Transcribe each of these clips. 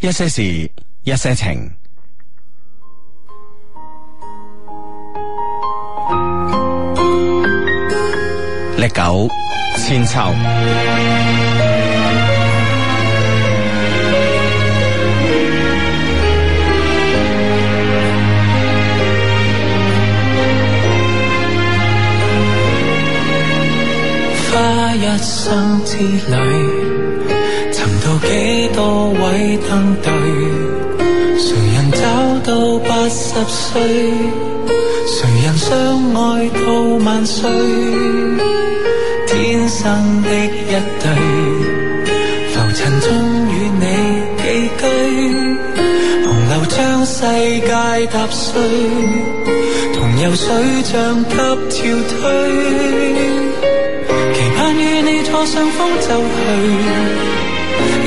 一些事，一些情，歷久千秋，花一生之旅。鬼燈對，誰人走到八十歲？誰人相愛到萬歲？天生的一對，浮塵中與你寄居，洪流將世界踏碎，同遊水像急潮退，期盼與你坐上風舟去。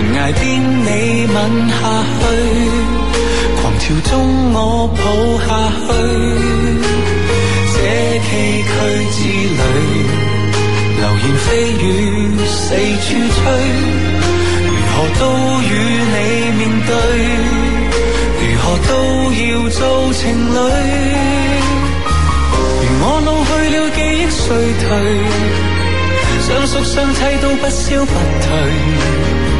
懸崖邊你吻下去，狂潮中我抱下去。這崎嶇之旅，流言蜚語四處吹，如何都與你面對，如何都要做情，情侶。如我老去了，記憶衰退，相熟相睇都不消不退。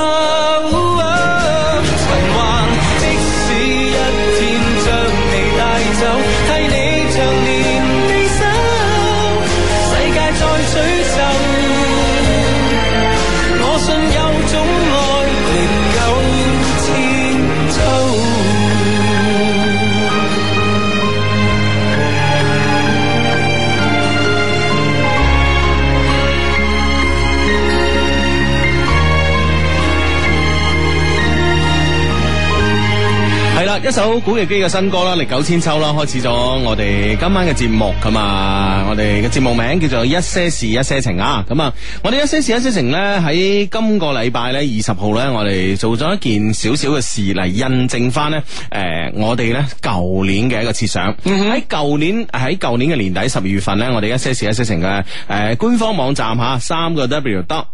一首古巨基嘅新歌啦，歷久千秋啦，開始咗我哋今晚嘅節目咁啊！我哋嘅節目名叫做《一些事一些情》啊！咁、嗯、啊，我哋《一些事一些情》咧喺今個禮拜咧二十號咧，我哋做咗一件少少嘅事嚟印證翻、呃、呢。誒，我哋咧舊年嘅一個設想，喺舊、mm hmm. 年喺舊年嘅年底十二月份咧，我哋《一些事一些情》嘅誒、呃、官方網站吓三個 W 得。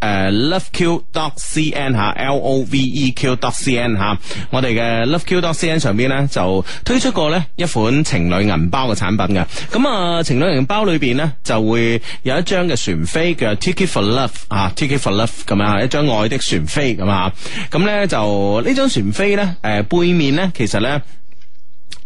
誒、uh,，loveq.dot.cn 吓，l o v e q.dot.cn 吓，N, uh, 我哋嘅 loveq.dot.cn 上邊咧就推出過咧一款情侶銀包嘅產品嘅，咁、uh, 啊情侶銀包裏邊咧就會有一張嘅船飛，叫做 Ticket for Love 啊、uh, Ticket for Love 咁樣，一張愛的船飛咁啊，咁咧就呢張船飛咧，誒、呃、背面咧其實咧。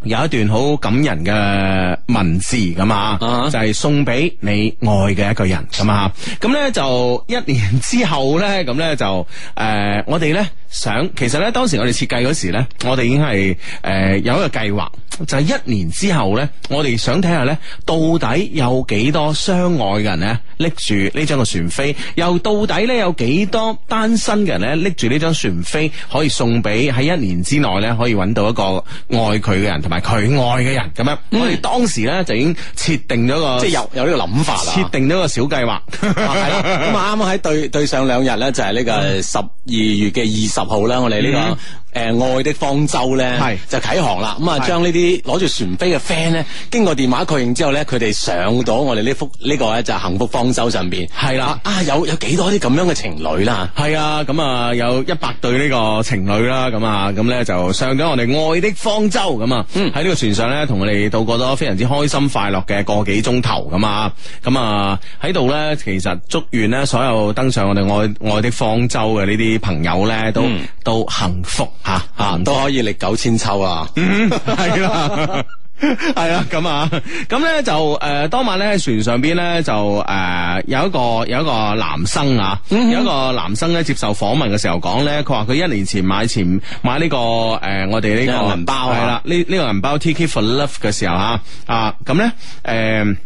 有一段好感人嘅文字咁啊，uh huh. 就係送俾你愛嘅一個人咁啊。咁咧 就一年之後咧，咁咧就誒、呃，我哋咧想其實咧當時我哋設計嗰時咧，我哋已經係誒、呃、有一個計劃。就係一年之後咧，我哋想睇下咧，到底有幾多相愛嘅人咧拎住呢張個船飛，又到底咧有幾多單身嘅人咧拎住呢張船飛，可以送俾喺一年之內咧可以搵到一個愛佢嘅人，人，同埋佢愛嘅人咁樣。我哋當時咧就已經設定咗個，即係有有呢個諗法，設定咗個小計劃，係啦。咁啊，啱啱喺對剛剛對，對上兩日咧，就係、係、呢個十二月嘅二十號啦。嗯、我哋呢、呢個。嗯誒，愛的方舟咧，就啟航啦！咁啊，將呢啲攞住船飛嘅 friend 咧，經過電話確認之後咧，佢哋上到我哋呢幅呢個咧就幸福方舟上邊。係啦，啊有有幾多啲咁樣嘅情侶啦？係啊，咁啊有一百對呢個情侶啦，咁啊咁咧就上咗我哋愛的方舟咁啊，喺呢個船上咧，同我哋度過咗非常之開心快樂嘅個幾鐘頭，咁啊，咁啊喺度咧，其實祝願咧所有登上我哋愛愛的方舟嘅呢啲朋友咧，都、嗯、都幸福。吓吓、啊啊、都可以歷久千秋啊！係啦、 嗯，係啦，咁 啊，咁咧就誒、呃，當晚咧喺船上邊咧就誒、呃，有一個有一個男生啊，嗯、哼有一個男生咧接受訪問嘅時候講咧，佢話佢一年前買前買呢、這個誒、呃，我哋呢個銀包係啦，呢呢、 這個銀包 T K for Love 嘅時候啊啊，咁咧誒。呃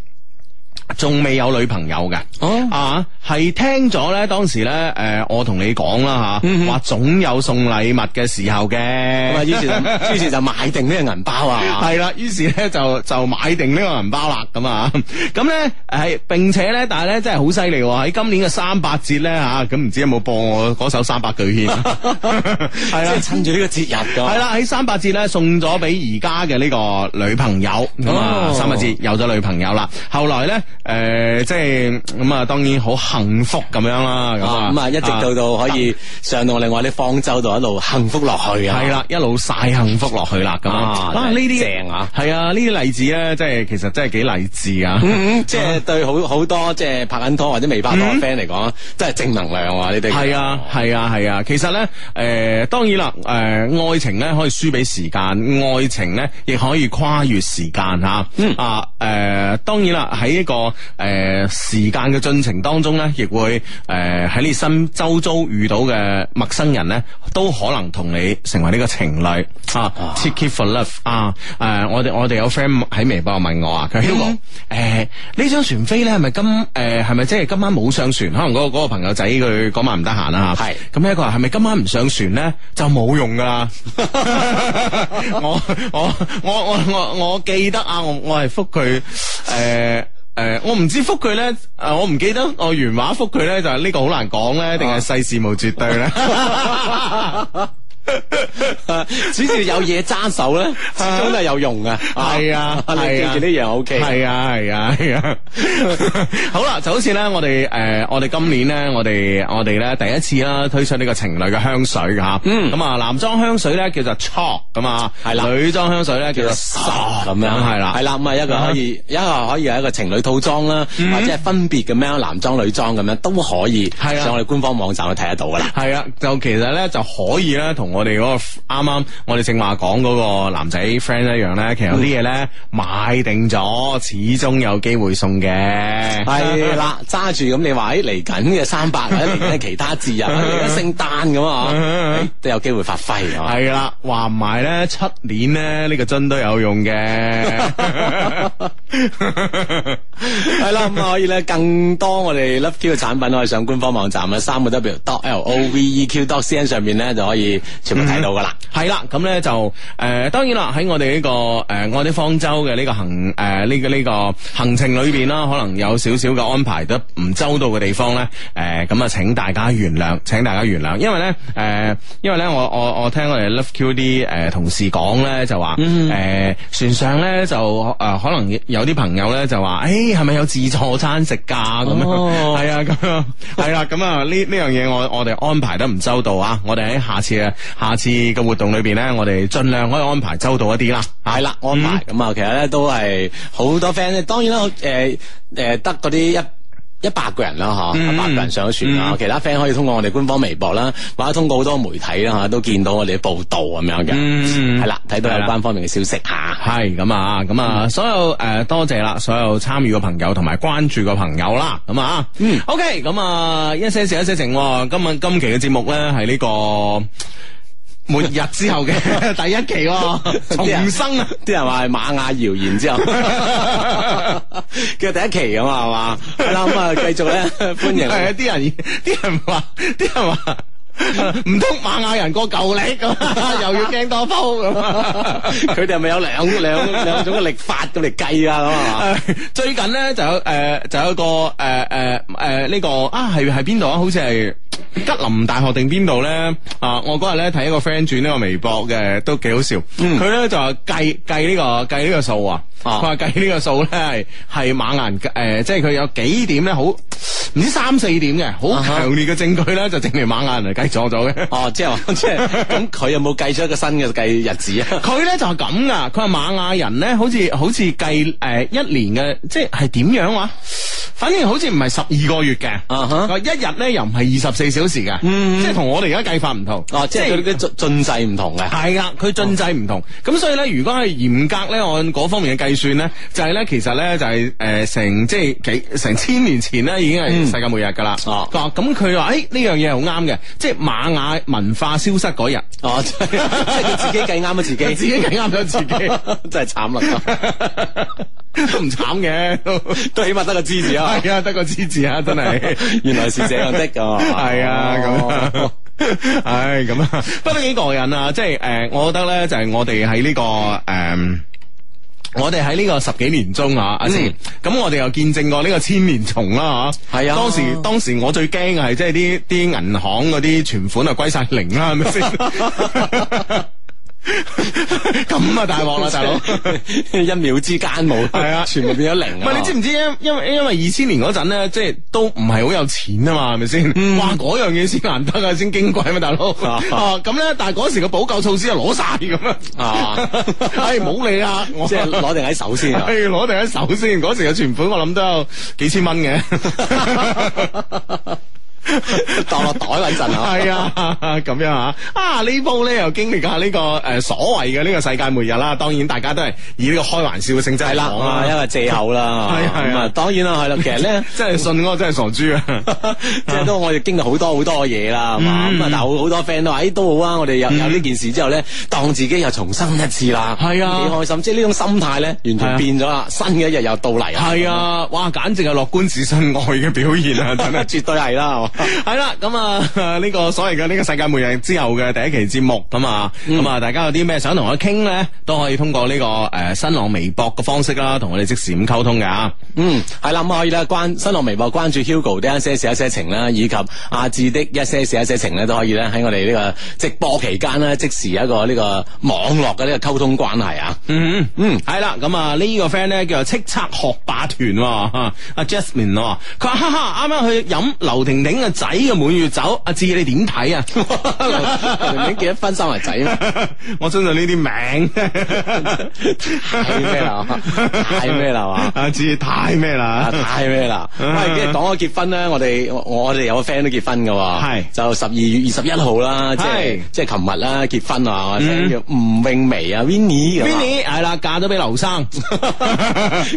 仲未有女朋友嘅、哦啊呃，啊係聽咗咧，當時咧，誒，我同你講啦吓，話總有送禮物嘅時候嘅，於、嗯、是就，於 是就，就買定呢個銀包啊，係 啦，於是咧就就買定呢個銀包啦，咁啊，咁咧係，並且咧，但係咧真係好犀利喎，喺今年嘅三八節咧吓，咁、啊、唔知有冇播我嗰首三百句獻，係 啊， 趁住呢個節日嘅，係啦，喺三八節咧送咗俾而家嘅呢個女朋友，哦、三八節有咗女朋友啦，後來咧。誒，即係咁啊，當然好幸福咁樣啦，咁啊，一直到到可以上到另外啲方舟度一路幸福落去啊，係啦，一路晒幸福落去啦，咁啊，哇，呢啲正啊，係啊，呢啲例子咧，即係其實真係幾勵志啊，即係對好好多即係拍緊拖或者未拍拖嘅 friend 嚟講，真係正能量啊，你哋係啊，係啊，係啊，其實咧，誒，當然啦，誒，愛情咧可以輸俾時間，愛情咧亦可以跨越時間吓，啊，誒，當然啦，喺一個。誒、呃，時間嘅進程當中咧，亦會誒喺呢新周遭遇到嘅陌生人咧，都可能同你成為呢個情侶啊 seeking for love 啊，誒、呃，我哋我哋有 friend 喺微博問我啊，佢話誒呢張船飛咧係咪今誒係咪即係今晚冇上船？可能嗰個個朋友仔佢嗰晚唔得閒啊。是」係咁呢一個係咪今晚唔上船咧就冇用噶啦？ 我我我我我我記得啊，我我係覆佢誒。誒、呃，我唔知覆佢咧，誒、呃，我唔記得我原話覆佢咧，就係呢個好難講咧，定係世事無絕對咧。啊 只是有嘢揸手咧，始終都係有用噶。係啊，你記住呢樣 O K。係啊，係啊，係啊。好啦，就好似咧，我哋誒，我哋今年咧，我哋我哋咧第一次啦，推出呢個情侶嘅香水噶吓。咁啊，男裝香水咧叫做 cho 咁啊，係啦。女裝香水咧叫做 sa 咁樣，係啦，係啦。咁啊，一個可以，一個可以係一個情侶套裝啦，或者係分別嘅咩，男裝女裝咁樣都可以。係啊。上我哋官方網站去睇得到噶啦。係啊，就其實咧就可以咧同。我哋嗰個啱啱，我哋正話講嗰個男仔 friend 一樣咧，其實有啲嘢咧買定咗，始終有機會送嘅。係啦， 揸住咁你話，哎、啊，嚟緊嘅三百，或者其他節日、啊，或者聖誕咁啊、 哎，都有機會發揮、啊。係啦，話唔埋咧，七年咧呢、這個樽都有用嘅。 係啦，咁 可以咧，更多我哋 Love Q 嘅產品可以上官方網站啊，三個 W dot L O V E Q dot C N 上面咧就可以全部睇到噶啦。係啦、嗯，咁咧、嗯、就誒、呃，當然啦，喺我哋呢、這個誒，我、呃、哋方舟嘅呢個行誒，呢、呃這個呢、這個行程裏邊啦，可能有少少嘅安排得唔周到嘅地方咧，誒，咁啊，請大家原諒，請大家原諒，因為咧，誒、呃，因為咧，我我我聽我哋 Love Q 啲誒同事講咧，就話誒，船上咧就誒，可能有啲朋友咧就話，誒、欸，係咪有自助餐食噶咁樣？係啊， 咁樣係啦，咁啊呢呢樣嘢我我哋安排得唔周到啊！我哋喺下次啊，下次嘅活動裏邊咧，我哋盡量可以安排周到一啲啦。係啦、嗯，嗯、安排咁啊，其實咧都係好多 friend，當然啦，誒、呃、誒，得、呃、啲一。一百個人啦，吓，一百個人上咗船啦，嗯、其他 friend 可以通過我哋官方微博啦，或者通過好多媒體啦，嚇都見到我哋嘅報道咁、嗯、樣嘅，係啦，睇到有關方面嘅消息吓，係咁啊，咁啊，所有誒、呃、多謝啦，所有參與嘅朋友同埋關注嘅朋友啦，咁啊，嗯，OK，咁啊，一些事一些情，今日今期嘅節目咧係呢、這個。末日之後嘅第一期喎、哦，重生啊！啲 人話係瑪雅謠言之後， 佢第一期咁啊嘛，係啦咁啊，繼續咧，歡迎。係啲人，啲人話，啲人話，唔通瑪雅人過舊曆咁，又要驚多鋪咁，佢哋係咪有兩兩兩種嘅曆法嚟計啊咁啊？ 最近咧就有誒、呃，就有一個誒誒誒呢個啊，係係邊度啊？好似係。吉林大學定邊度咧？啊，我嗰日咧睇一個 friend 轉呢個微博嘅，都幾好笑。佢咧就話計計呢個計呢個數啊，佢話計呢個數咧係係瑪雅人誒，即係佢有幾點咧好唔知三四點嘅，好強烈嘅證據咧就證明瑪雅人計錯咗嘅。哦，即係話即係，咁佢有冇計出一個新嘅計日子啊？佢咧就係咁噶，佢話瑪雅人咧好似好似計誒一年嘅，即係係點樣話？反正好似唔係十二個月嘅。一日咧又唔係二十四。幾小時噶，即係同我哋而家計法唔同，哦，即係佢啲進制唔同嘅，係啊，佢進制唔同，咁所以咧，如果係嚴格咧，按嗰方面嘅計算咧，就係咧，其實咧就係誒成即係幾成千年前咧，已經係世界末日噶啦，咁佢話誒呢樣嘢好啱嘅，即係瑪雅文化消失嗰日，哦，即係佢自己計啱咗自己，自己計啱咗自己，真係慘啦。都唔慘嘅，都起碼得個吉字啊，係啊，得個吉字啊，真係，原來是這樣的啊，係啊，咁、哦 哎、樣，唉，咁啊，不過幾過癮啊！即、就、係、是，誒、呃，我覺得咧，就係我哋喺呢個，誒、呃，我哋喺呢個十幾年中啊，阿志，咁我哋又見證過呢個千年蟲啦，吓，係啊，啊當時當時我最驚嘅係即係啲啲銀行嗰啲存款啊，歸晒零啦，係咪先？ 咁啊，大鑊啦，大佬！ 一秒之間冇，係啊，全部變咗零。唔係你知唔知？因為因為因為二千年嗰陣咧，即係都唔係好有錢啊嘛，係咪先？嗯、哇，嗰樣嘢先難得啊，先矜貴啊，大佬。哦，咁咧，但係嗰時嘅補救措施係攞晒咁樣啊。係冇、哎、理 我先啊，即係攞定喺手先。係攞定喺手先，嗰時嘅存款我諗都有幾千蚊嘅。 袋落袋穩陣啊！係啊，咁樣啊，啊呢鋪咧又經歷下呢個誒所謂嘅呢個世界末日啦。當然大家都係以呢個開玩笑嘅性質嚟講啦，因為借口啦。係係啊，當然啦，係啦。其實咧真係信我真係傻豬啊！即係都我哋經歷好多好多嘢啦，係嘛咁啊。但好多 friend 都話：，誒都好啊！我哋有有呢件事之後咧，當自己又重生一次啦。係啊，幾開心！即係呢種心態咧，完全變咗啦，新嘅一日又到嚟。係啊，哇！簡直係樂觀自信愛嘅表現啊，真係絕對係啦。係 啦、啊，咁啊呢，這個所謂嘅呢個世界末日之後嘅第一期節目咁啊，咁啊，啊，大家有啲咩想同我傾咧，都可以通過呢，這個誒、呃、新浪微博嘅方式啦，同我哋即時咁溝通嘅啊。嗯，係啦，咁可以咧關新浪微博關注 Hugo 的一些事一些情啦，以及阿志的一些事一些情咧，都可以咧喺我哋呢個直播期間咧，即時一個呢個網絡嘅呢個溝通關係啊。嗯嗯嗯，係、嗯、啦，咁啊呢個 friend 咧叫做叱咤學霸團啊，阿、啊、Jasmine 話、啊、佢哈哈，啱啱去飲劉婷婷。仔嘅滿月酒，阿志你點睇啊？你結咗婚生埋仔啊？我相信呢啲名太咩啦，太咩啦嘛？阿志太咩啦？太咩啦？喂，講咗結婚啦，我哋我哋有個 friend 都結婚嘅，係就十二月二十一號啦，即係即係琴日啦結婚啊！我請叫吳詠薇啊 Winnie，Winnie 係啦，嫁咗俾劉生，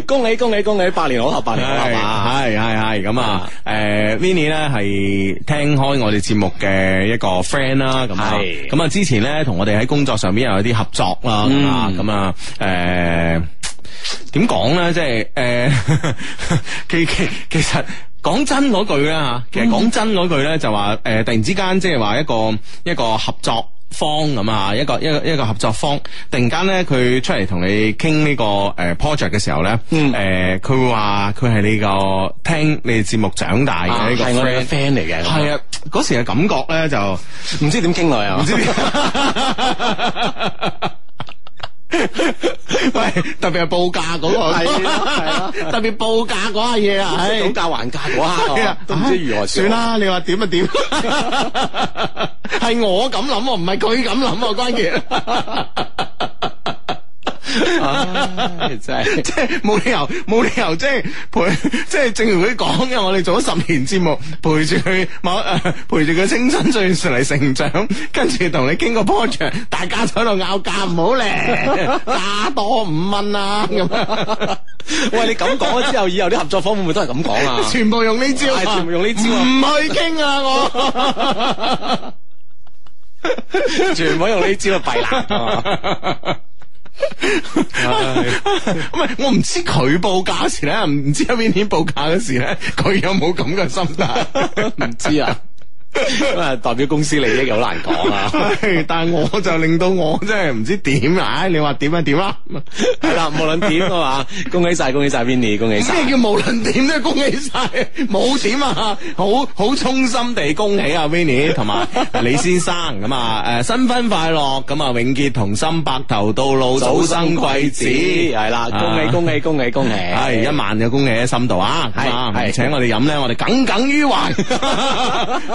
恭喜恭喜恭喜，百年好合，百年好合啊！係係係咁啊，誒，Winnie 咧係。聽開我哋節目嘅一個 friend 啦，咁係是，咁啊，之前咧同我哋喺工作上邊又有啲合作啦，咁啊、嗯，誒，點講咧？即係誒、呃， 其其、嗯、其實講真句咧其實講真句咧就話，誒、呃，突然之間即係話一個一個合作。方咁啊，一個一個一個合作方，突然間咧，佢出嚟同你傾呢、這個誒 project 嘅時候咧，誒、呃，佢話佢係你個聽你節目長大嘅呢個 friend 嚟嘅，係啊，嗰、啊、時嘅感覺咧就唔 知點傾落去啊，唔知。喂， 特別係報價報價係、嗰、啊、個， 特別報價嗰下嘢啊，討價還價嗰下都唔知如何算啦。你話點啊點，係 我咁諗，唔係佢咁諗，喎， 關鍵。 ah, 真係是即係冇理由，冇理由即係、就是、陪，即係正如佢講嘅，我哋做咗十年節目，陪住佢，陪住佢青春歲月嚟成長，跟住同你傾個 project，大家就喺度拗價唔好咧，ulan, 打多五蚊啊。咁。 喂，你咁講咗之後，以後啲合作伙伴、ER、會唔會都係咁講啊？ 全部用呢招啊！chau 全部用呢招唔 去傾啊！我 全部用呢招就弊啦。糟糟 唔係，我唔知佢報價時咧，唔知喺邊點報價嗰時咧，佢有冇咁嘅心態？唔知啊。咁啊，代表公司利益好難講啊！但係我就令到我真係唔知點啊！你話點啊點啊？係啦，無論點啊嘛，恭喜晒，恭喜晒，Vinny，恭喜晒！咩叫無論點都係恭喜晒？冇點啊！好好衷心地恭喜啊，Vinny 同埋李先生咁啊！誒，新婚快樂！咁啊，永結同心，白頭到老，早生貴子！係啦，恭喜恭喜恭喜恭喜！係一萬嘅恭喜喺心度啊！係請我哋飲咧，我哋耿耿於懷。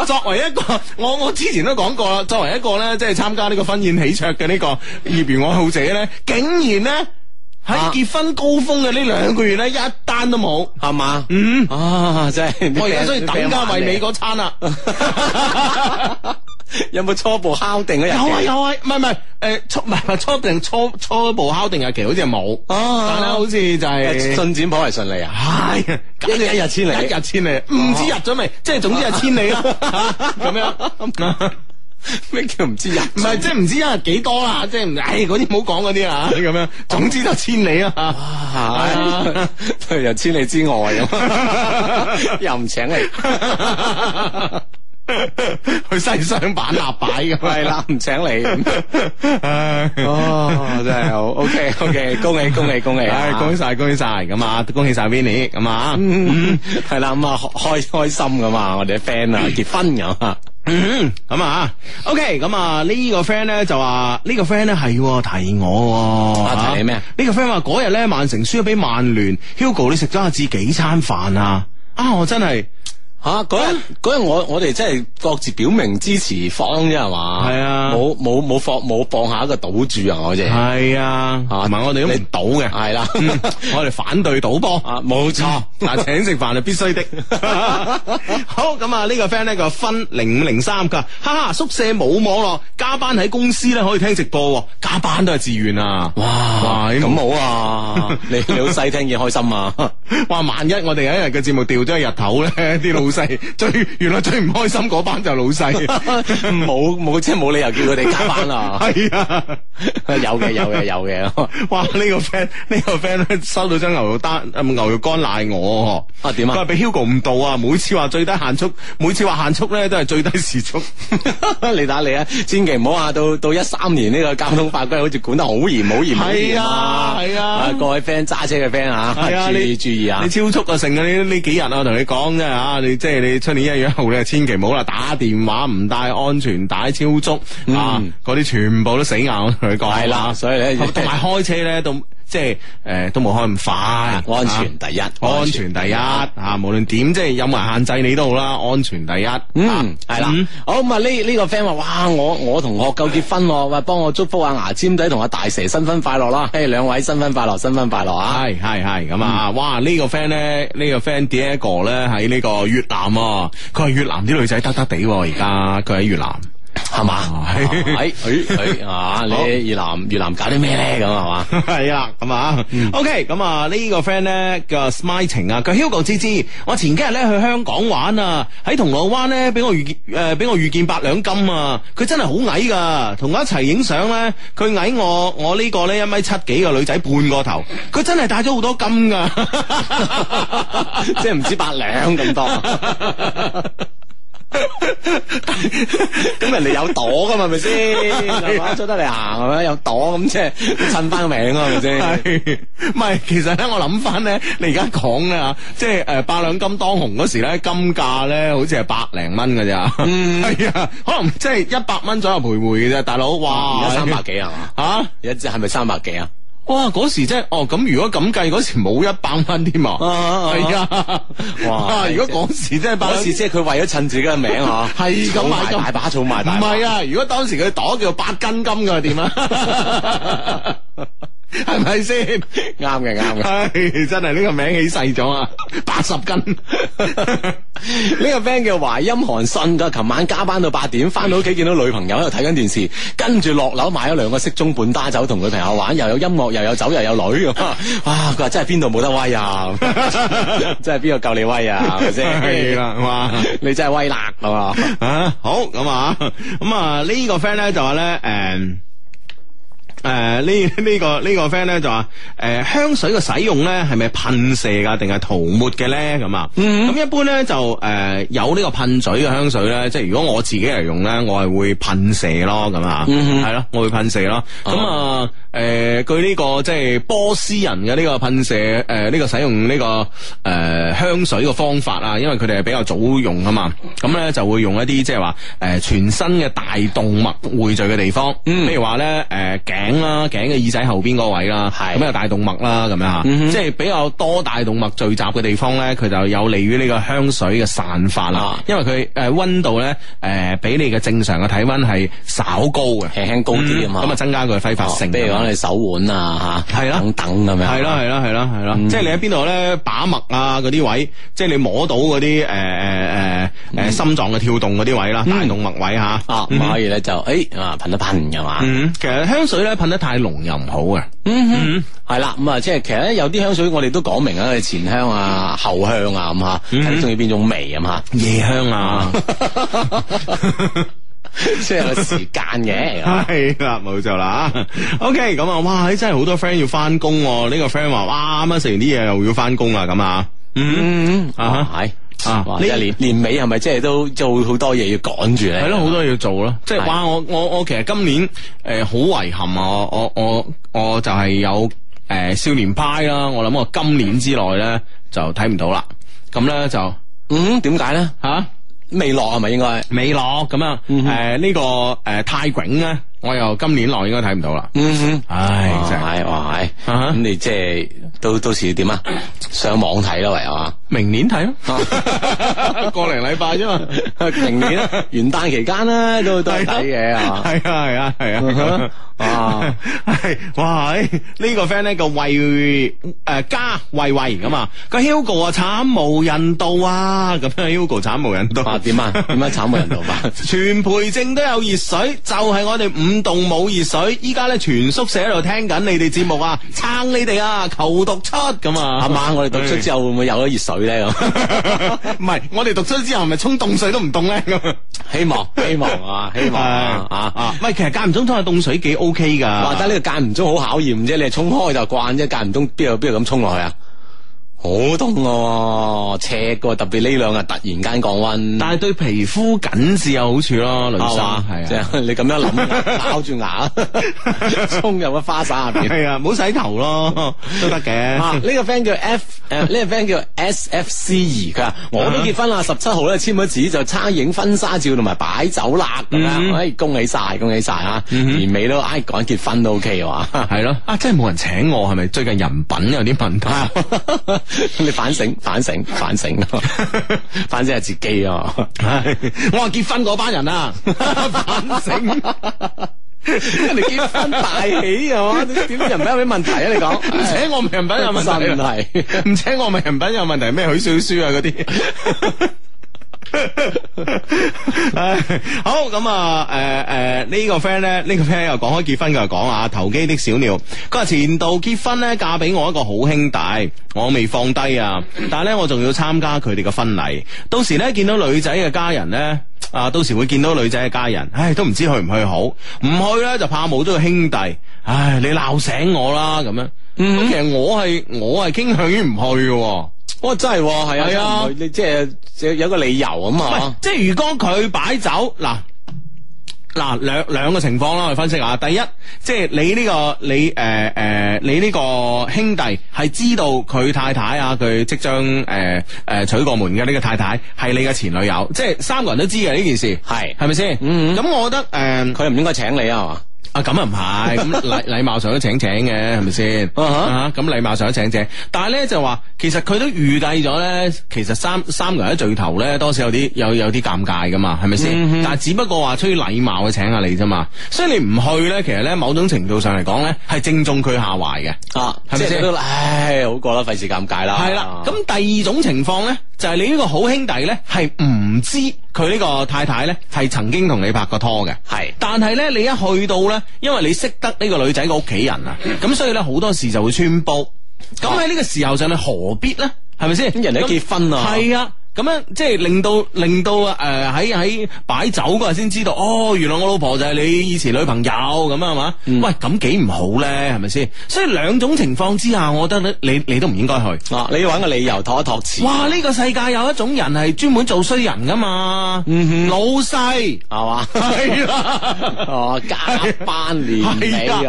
作為一個 我我之前都講過啦，作為一個咧即係參加呢個婚宴喜鵲嘅呢個業餘愛好者咧，竟然咧喺、啊、結婚高峰嘅呢兩個月咧一單都冇，係嘛嗎？嗯啊，真係 我而家都要等加為你餐啊。 有冇初步敲定嘅日期？有啊有啊，唔係唔係，誒，初唔係初定初初步敲定日期，好似冇哦，好似就係進展頗為順利啊，係你一日千里，一日千里，唔知入咗未？即係總之係千里啊，咁樣，咩叫唔知入？唔係即係唔知啊，幾多啦？即係唔，唉，嗰啲唔好講嗰啲啊，咁樣，總之就千里啊，係啊，入千里之外咁，又唔請你。去西雙版納擺咁係啦，唔 請你 哦，真係好，OK OK，恭喜恭喜恭喜，恭喜晒恭喜晒咁啊，恭喜晒 Vinny 咁啊，係啦咁啊開開心咁啊，我哋啲 friend 啊結婚咁啊，咁啊，OK，咁啊呢個 friend 咧就話呢個 friend 咧係提我、啊，提你咩？個呢個 friend 話嗰日咧曼城輸咗俾曼聯，Hugo 你食咗阿志幾餐飯啊,啊？啊，我真係.。 吓嗰日日我我哋真係各自表明支持方，啫係嘛？係啊，冇冇冇放冇放下一個賭注啊，我哋係啊，唔係我哋都唔賭嘅，係啦，我哋反對賭博啊，冇錯，但請食飯係必須的。好咁啊，呢個 friend 咧就分零五零三噶，哈哈，宿舍冇網絡，加班喺公司咧可以聽直播，加班都係自願啊，哇，咁好啊，你你好細聽嘢開心啊，話，萬一我哋有一日嘅節目掉咗日頭咧，啲老最原來最唔開心嗰班就老細，冇冇 即係冇理由叫佢哋加班啦。係 啊， 有嘅有嘅有嘅。 哇，呢、呢個 friend 呢個 friend 收到張牛肉單，牛肉乾瀨我 啊？點啊？佢話俾 Hugo 唔到啊，每次話最低限速，每次話限速咧都係最低時速。 你打你啊，千祈唔好話到到一三年呢個交通法規好似管得嚴 好嚴好嚴好係啊係啊，各位 friend 揸車嘅 friend 啊， 啊，你注意啊，你超速啊成啊，呢呢幾日我同你講真係啊你。即係你出年一月一號，你啊千祈唔好啦！打電話唔帶安全帶、超速、嗯、啊，嗰啲全部都死硬，我同你講。係啦，所以咧，同埋開車咧都。即係誒、呃，都冇開咁快，安全第一，安全第一吓，無論點即係有埋限制你都好啦，安全第一。嗯，係啦，好嘛？呢、那、呢個 friend 話，哇，我我同學夠結婚，話幫我祝福下牙尖仔同阿大蛇新婚快樂啦！嘿，兩位新婚快樂，新婚快樂啊！係係係咁啊！嗯、哇，這個、呢、這個 friend 咧，呢個 friend 點一個咧？喺呢個越南啊，佢係越南啲女仔得得地而家，佢喺越，越南。係嘛、 哎？哎哎哎啊！你越南越南搞啲咩咧？咁係嘛？係啦，咁 啊。嗯、OK，咁啊呢個 friend 咧叫 Smiling 啊，佢 Hugo 之之，我前幾日咧去香港玩啊，喺銅鑼灣咧俾我遇見誒，俾、呃、我遇見八兩金啊！佢真係好矮噶，同我一齊影相咧，佢矮我我呢個咧一米七幾嘅女仔半個頭，佢真係帶咗好多金噶， 即係唔止八兩咁多。咁 人哋有朵噶嘛？係咪先？啊、出得嚟行係咪？有朵咁即係襯翻個名啊？係咪先？唔係，其實咧，我諗翻咧，你而家講咧即係誒，八兩金當紅嗰時咧，金價咧好似係百零蚊噶咋？係、嗯、 啊，可能即係一百蚊左右徘徊嘅啫。大佬，哇，而家三百幾係嘛？吓、啊，一隻係咪三百幾啊？哇！嗰時真係哦，咁如果咁計，嗰時冇一百蚊添啊！係啊！哇！如果嗰時真係，嗰時即係佢為咗趁自己嘅名啊，係咁買大把，儲埋唔係啊！如果當時佢袋叫做八斤金嘅點啊？係咪先？啱嘅對，啱嘅，真係呢個名起細咗啊！八十斤，呢個 friend 叫懷音韓信。佢琴晚加班到八點，翻到屋企見到女朋友喺度睇緊電視，跟住落樓買咗兩個色盅半打酒，同女朋友玩，又有音樂，又有酒，又有女嘅。啊，佢話真係邊度冇得威啊！ 真係邊個夠你威啊？係咪先？係啦，哇！你真係威啦，係嘛？好咁 啊，咁啊、這個、呢個 friend 咧就話咧，誒、嗯。誒，呢呢個呢個 friend 咧就話，誒香水嘅使用咧係咪噴射噶，定係塗抹嘅咧咁啊？咁一般咧就誒有呢個噴嘴嘅香水咧，即係如果我自己嚟用咧，我係會噴射咯咁啊，係咯，我會噴射咯。咁啊，誒據呢個即係波斯人嘅呢個噴射，誒呢個使用呢個誒香水嘅方法啊，因為佢哋係比較早用啊嘛，咁咧就會用一啲即係話誒全身嘅大動物匯聚嘅地方，譬如話咧誒頸。啦頸嘅耳仔後邊嗰位啦，咁有大動脈啦，咁樣即係比較多大動脈聚集嘅地方咧，佢就有利於呢個香水嘅散發啦。因為佢誒温度咧誒比你嘅正常嘅體温係稍高嘅，輕輕高啲啊嘛，咁啊增加佢嘅揮發性。譬如講你手腕啊吓，等等咁樣，係啦係啦係啦係啦，即係你喺邊度咧把脈啊嗰啲位，即係你摸到嗰啲誒誒誒誒心臟嘅跳動嗰啲位啦，大動脈位吓，咁可以咧就誒啊噴一噴嘅嘛。其實香水咧。噴得太濃又唔好，嗯，嗯，嗯，係啦，咁啊，即係其實有啲香水我哋都講明啊，前香啊、後香啊，咁吓、嗯哼，睇你中意邊種味啊嘛，夜香啊，即係 有時間嘅，係 啦，冇錯啦，啊，OK，咁啊，哇，真係好多 friend 要翻工，啊，呢個 friend 話，哇，啱啱食完啲嘢又要翻工啦，咁啊，嗯啊，係。啊！呢年年尾係咪即係都做好多嘢要趕住咧？係咯對，好吧多嘢要做咯。即係哇！我我我其實今年誒好、呃、遺憾啊！我我我，我就係有誒、呃、少年派啦。我諗我今年之內咧就睇唔到啦。咁咧就嗯點解咧嚇？呢啊、未落係咪應該？未落咁啊！誒呢個誒泰囧咧。我又今年來應該睇唔到啦。嗯，唉，哇，係咁，你即係到到時點啊？上網睇咯，唯有啊。明年睇咯，個零禮拜啫嘛。明年元旦期間啦，都都係睇嘅啊。係啊，係啊，係啊。啊，哇，係呢個 friend 咧叫魏誒，加魏魏咁啊。個 Hugo 啊，慘無人道啊！咁樣 Hugo 慘無人道啊？點啊？點啊？慘無人道啊？全賠正都有熱水，就係我哋五。凍冇熱水，依家咧全宿舍喺度聽緊你哋節目啊，撐你哋啊，求讀出咁啊，係嘛？ 我哋讀出之後會唔會有咗熱水咧？咁唔係，我哋讀出之後係咪沖凍水都唔凍咧？咁希望，希望啊，希望啊，啊喂，啊啊其實間唔中沖下凍水幾 OK 噶。話齋呢個間唔中好考驗啫，你係沖開就慣啫，間唔中邊度邊度咁沖落去啊？好凍個，赤過，特別呢兩日突然間降溫，但係對皮膚緊致有好處咯，女婿係啊，即係你咁樣諗，咬住牙衝入個花灑入邊，係啊，唔好洗頭咯，都得嘅。呢個 friend 叫 F，誒呢個 friend 叫 SFC 二，佢話我都結婚啦，十七號咧簽咗紙就差影婚紗照同埋擺酒啦咁樣，可恭喜晒，恭喜晒啊！年尾都唉，趕結婚都 OK 喎，係咯，啊真係冇人請我係咪？最近人品有啲問題。你反省、反省、反省咯， 反省係自己啊！我 話結婚嗰班人啊， 反省，人哋 結婚大喜啊嘛？點啲 人品有咩問題啊？你講唔請我，人品有問題；唔 是請我，唔係人品有問題。咩許小書啊？嗰啲。 好咁 啊！誒誒，啊呃呃這個、呢、這個 friend 咧，呢個 friend 又講開結婚，佢又講啊，投機的小鳥佢話前度結婚咧，嫁俾我一個好兄弟，我未放低啊！但係咧，我仲要參加佢哋嘅婚禮，到時咧見到女仔嘅家人咧啊，到時會見到女仔嘅家人，唉，都唔知去唔去好，唔去咧就怕冇咗個兄弟，唉，你鬧醒我啦咁樣，嗯，其實我係我係傾向於唔去嘅、啊。我、哦、真係、哦，係啊，啊。你即係有有個理由啊嘛。即係如果佢擺酒，嗱嗱兩兩個情況啦，去分析下。第一，即係你呢、這個你誒誒，你呢、呃呃、個兄弟係知道佢太太啊，佢即將誒誒、呃呃、娶過門嘅呢個太太係你嘅前女友，即係三個人都知嘅呢件事，係係咪先？咁、嗯嗯、我覺得誒，佢、呃、唔應該請你啊嘛。啊，咁啊唔係咁禮禮貌上都請請嘅，係咪先？咁禮、Uh-huh. 啊、貌上都請請，但係咧就話其實佢都預計咗咧，其實三三個人一聚頭咧，多少有啲有有啲尷尬噶嘛，係咪先？Mm-hmm. 但係只不過話出於禮貌去請下你啫嘛，所以你唔去咧，其實咧某種程度上嚟講咧，係正中佢下懷嘅，啊，係咪先？唉，好過啦，費事尷尬啦。係啦、啊，咁第二種情況咧，就係、是、你呢個好兄弟咧，係唔知。佢呢個太太呢，係曾經同你拍過拖嘅，係的，但係呢，你一去到呢，因為你識得呢個女仔嘅屋企人啊，咁 所以呢，好多時就會穿煲。咁喺呢個時候上你何必呢？係咪先？人哋都結婚啦，係啊。咁樣即係令到令到啊誒喺喺擺酒嗰日先知道哦，原來我老婆就係你以前女朋友咁樣係嘛？喂，咁幾唔好咧，係咪先？所以兩種情況之下，我覺得你你都唔應該去。嗱，你要揾個理由託一託辭。哇！呢個世界有一種人係專門做衰人噶嘛？老細係嘛？係啊哦加班年係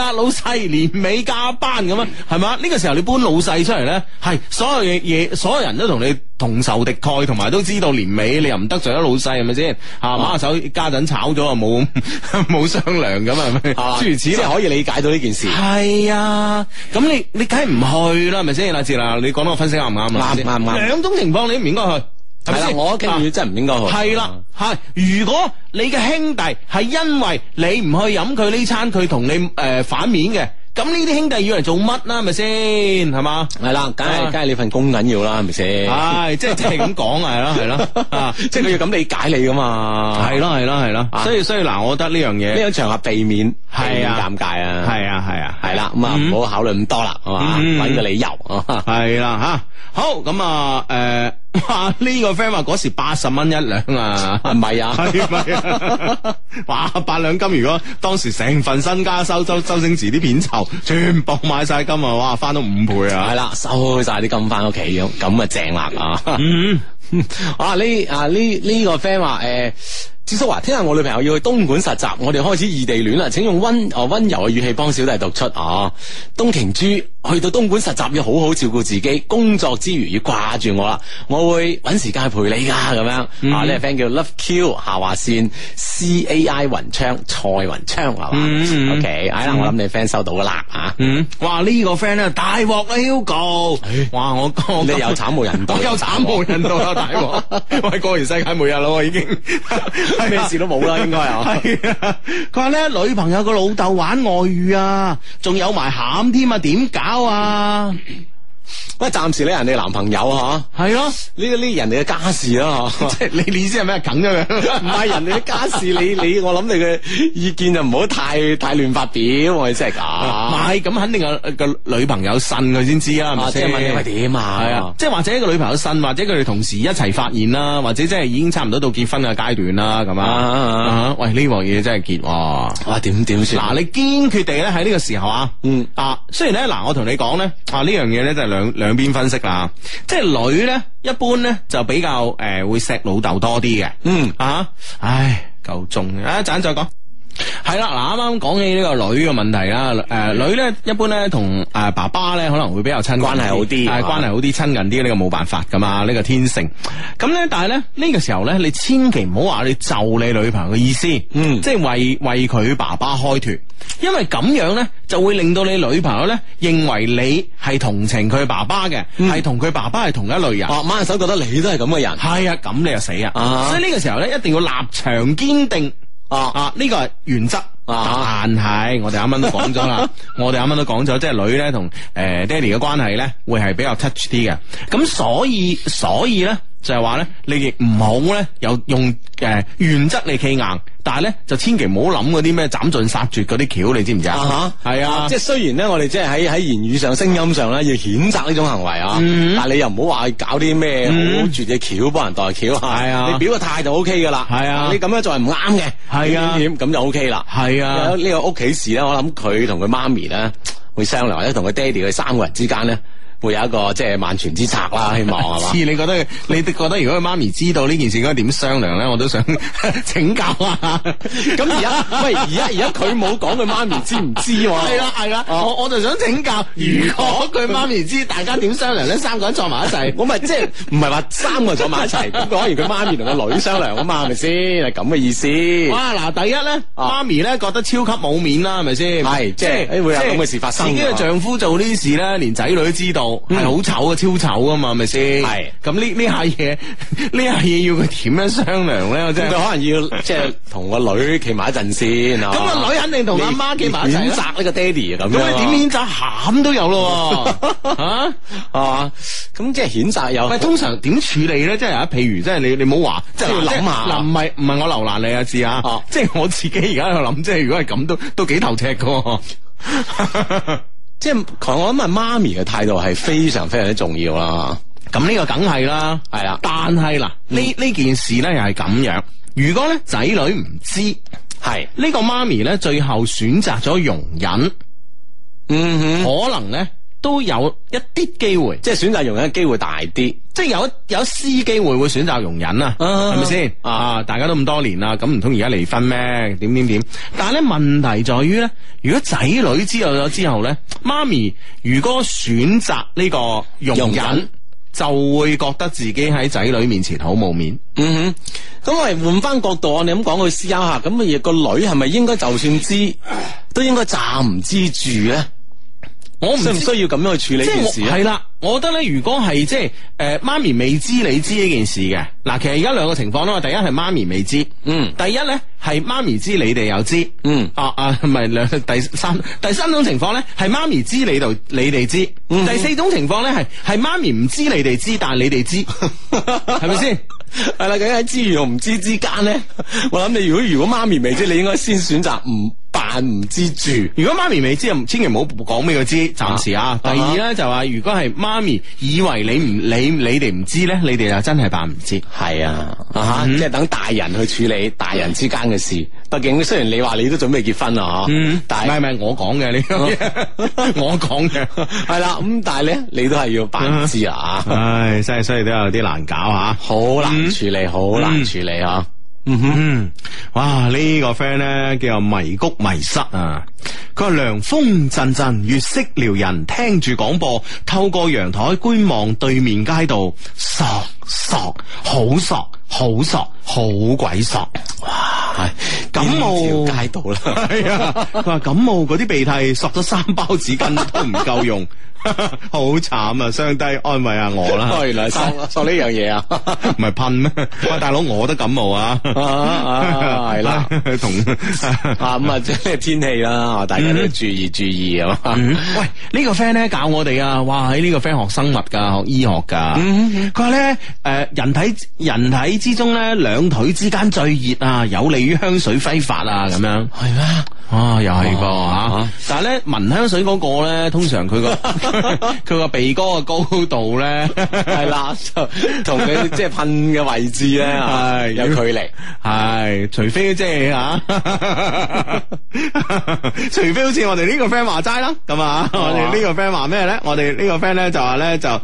啊，老細年尾加班咁樣係嘛？呢個時候你搬老細出嚟咧，係所有嘢嘢，所有人都同你同仇。無敵蓋，同埋都知道年尾，你又唔得罪咗老細，係咪先？吓馬下手家陣炒咗啊，冇冇商量咁啊？係咪？諸如此類可以理解到呢件事。係啊，咁你你梗係唔去啦，係咪先？大志啦，你講到我分析啱唔啱啊？啱唔啱？兩種情況你都唔應該去，係咪先？我永遠真係唔應該去。係啦，係如果你嘅兄弟係因為你唔去飲佢呢餐，佢同你誒反面嘅。咁呢啲兄弟要嚟做乜啦？咪先係嘛？係啦，梗係梗係你份工緊要啦，係咪先？唉，即係即係咁講係咯係咯，即係佢要咁理解你噶嘛？係咯係咯係咯，所以所以嗱，我覺得呢樣嘢呢樣場合避免係啊尷尬啊，係啊係啊，係啦，咁啊唔好考慮咁多啦，係嘛，揾個理由，係啦吓，好咁啊誒。哇！呢、這個 friend 話嗰時八十蚊一兩啊，係咪 啊，係咪啊？哇！八兩金如果當時成份身家收周周星馳啲片酬，全部買晒金啊！哇，翻到五倍啊！係啦，收晒啲金翻屋企，咁咁啊正啦！啊， 嗯。哇、 啊！呢、呃、啊呢呢個 friend 話誒，朱叔話聽日我女朋友要去東莞實習，我哋開始異地戀啦。請用温哦温柔嘅語氣幫小弟讀出哦。東庭珠去到東莞實習要好好照顧自己，工作之餘要掛住我啦。我會搵時間陪你噶咁樣。嗯、啊呢個 friend 叫 Love Q 夏華善 C A I 雲昌蔡雲昌係嘛、嗯嗯？OK，係啦，我諗你 friend 收到啦吓。哇呢個 friend 咧大鑊啊，Hugo！哇我，我 你有慘無人道，又 慘無人道。 我係過完世界末日咯，我已經咩 事都冇啦，應該 啊。佢話咧，女朋友個老豆玩外遇啊，仲有埋咸添啊，點搞啊？嗯喂，暫時咧人哋男朋友嗬，係咯，呢個呢人哋嘅家事啦，即係你你意思係咩梗啫，唔係人哋嘅家事，你你我諗你嘅意見就唔好太太亂發表，即係咁，唔係咁肯定有個女朋友呻佢先知啊，係咪問你點啊？係啊，即係或者個女朋友呻，或者佢哋同時一齊發現啦，或者即係已經差唔多到結婚嘅階段啦，咁啊，喂呢樣嘢真係結，哇點點先？嗱，你堅決地咧喺呢個時候啊，嗯啊，雖然咧嗱，我同你講咧啊呢樣嘢咧就兩。兩兩邊分析啦，即係女咧，一般咧就比較誒、呃、會錫老豆多啲嘅，嗯啊，唉夠鐘啊，一陣再講。係啦，嗱啱啱講起呢個女嘅問題啦，誒、呃，女咧一般咧同誒爸爸咧可能會比較親，關係好啲，係關係好啲親近啲呢、這個冇辦法噶嘛，呢、這個天性。咁咧，但係咧呢個時候咧，你千祈唔好話你遷就你女朋友嘅意思，嗯，即係為為佢爸爸開脫，因為咁樣咧就會令到你女朋友咧認為你係同情佢爸爸嘅，係同佢爸爸係同一類人，握手覺得你都係咁嘅人，係啊，咁你就死啊，所以呢個時候咧一定要立場堅定。啊啊！呢、啊、個係原則啊，但係我哋啱啱都講咗啦，我哋啱啱都講咗，即係、 就是、女咧同誒爹哋嘅關係咧，會係比較 touch 啲嘅，咁所以所以咧。就係話咧，你亦唔好咧，又用誒原則嚟企硬，但係咧就千祈唔好諗嗰啲咩斬盡殺絕嗰啲橋，你知唔知啊？啊哈！係啊，即係雖然咧，我哋即係喺喺言語上、聲音上咧，要譴責呢種行為啊，但係你又唔好話搞啲咩好絕嘅橋幫人代橋啊！係啊，你表個態就 O K 噶啦，係啊，你咁樣做係唔啱嘅，係啊，咁就 O K 啦，係啊。呢個屋企事咧，我諗佢同佢媽咪咧會商量，或者同佢爹哋佢三個人之間咧。會有一個即係萬全之策啦，希望係嘛？所 你覺得，你覺得如果佢媽咪知道呢件事，應該點商量咧？我都想 請教啊一！咁而家，喂，而家而家佢冇講，佢媽咪知唔知？係啦係啦，我我就想請教，如果佢媽咪知，大家點商量咧？三個人坐埋一齊，我咪即係唔係話三個人坐埋一齊？講完佢媽咪同個女商量啊嘛，係咪先？係咁嘅意思。哇！嗱，第一咧，媽咪咧覺得超級冇面啦，係咪先？係即係會有咁嘅事發生。自己嘅丈夫做呢啲事咧，連仔女都知道。係好醜啊，超醜啊嘛，係咪先？係咁呢？呢下嘢，呢下嘢要佢點樣商量咧？即係可能要即係同個女企埋一陣先，咁個女肯定同阿媽企埋一齊譴責呢個爹哋咁。咁你點譴責，喊都有咯，吓係嘛？咁即係譴責有。係，通常點處理咧？即係啊，譬如即係你你冇話，即係諗下嗱，唔係唔係我留難你啊，志啊，即係我自己而家喺度諗，即係如果係咁，都都幾頭赤噶。即係，我諗埋媽咪嘅態度係非常非常之重要啦。咁呢個梗係啦，係啦。但係嗱，呢呢件事咧又係咁樣。如果咧仔女唔知，係呢是個媽咪咧最後選擇咗容忍，嗯哼，可能咧。都有一啲機會，即係選擇容忍嘅機會大啲，即係有有私機會會選擇容忍啊，係咪先啊？大家都咁多年啦，咁唔通而家離婚咩？點點點？但係咧問題在於咧，如果仔女知道咗之後咧，媽咪如果選擇呢個容忍，容忍就會覺得自己喺仔女面前好冇面。嗯哼，咁我哋換翻角度，我哋咁講佢私啊吓？咁、那、咪個女係咪應該就算知，都應該站唔知住咧？我唔需，需要咁樣去處理呢件事。係啦，我覺得咧，如果係即係，誒、呃，媽咪未知你知呢件事嘅。嗱，其實而家兩個情況啦，第一係媽咪未知，嗯，第一咧係媽咪知你哋又知，嗯，啊啊，唔係兩第三第三種情況咧係媽咪知你哋你哋知，嗯、第四種情況咧係係媽咪唔知你哋知，但係你哋知，係咪先？係啦， 咁樣知與唔知之間咧，我諗你如果如果媽咪未知，你應該先選擇唔。唔知住，如果媽咪未知，千祈唔好講俾佢知，暫時啊。第二咧就話，如果係媽咪以為你唔你你哋唔知咧，你哋就真係扮唔知。係啊，吓即係等大人去處理大人之間嘅事。畢竟雖然你話你都準備結婚啦，嗬，但係唔係唔係我講嘅，你我講嘅係啦。咁但係咧，你都係要扮唔知啊。唉，所以所以都有啲難搞啊。好難處理，好難處理啊。嗯哼哇！這個、呢個 friend 咧，叫做迷谷迷失啊，佢話涼風陣陣，月色撩人，聽住廣播，透過陽台觀望對面街道，爽。索好索好索好鬼索，哇！感冒戒、哎、道啦，係 啊。佢話感冒嗰啲鼻涕索咗三包紙巾都唔夠用， 好慘啊！上帝安慰下、啊、我啦。 原來索 索呢樣嘢啊，唔 係噴咩？喂、啊，大佬我都感冒啊，係、 啊啊、啦。同啊咁啊，即係天氣啦，大家要注意注意啊、嗯 嗯！喂，呢、這個 friend 咧教我哋啊，哇！喺、這、呢個 friend、啊這個、學生物噶，學醫學噶。佢話咧。誒，人體人體之中咧，兩腿之間最熱啊，有利於香水揮發啊，咁樣係咩？啊，又係噃，吓、啊，啊、但係咧，聞香水嗰個咧， 通常佢個佢個鼻哥嘅高度咧，係啦，同佢即係噴嘅位置咧，係有距離，係除非即係吓，啊、 除非好似我哋 呢個 friend 話齋啦，咁啊，我哋呢個 friend 話咩咧？我哋呢個 friend 咧就話咧就誒，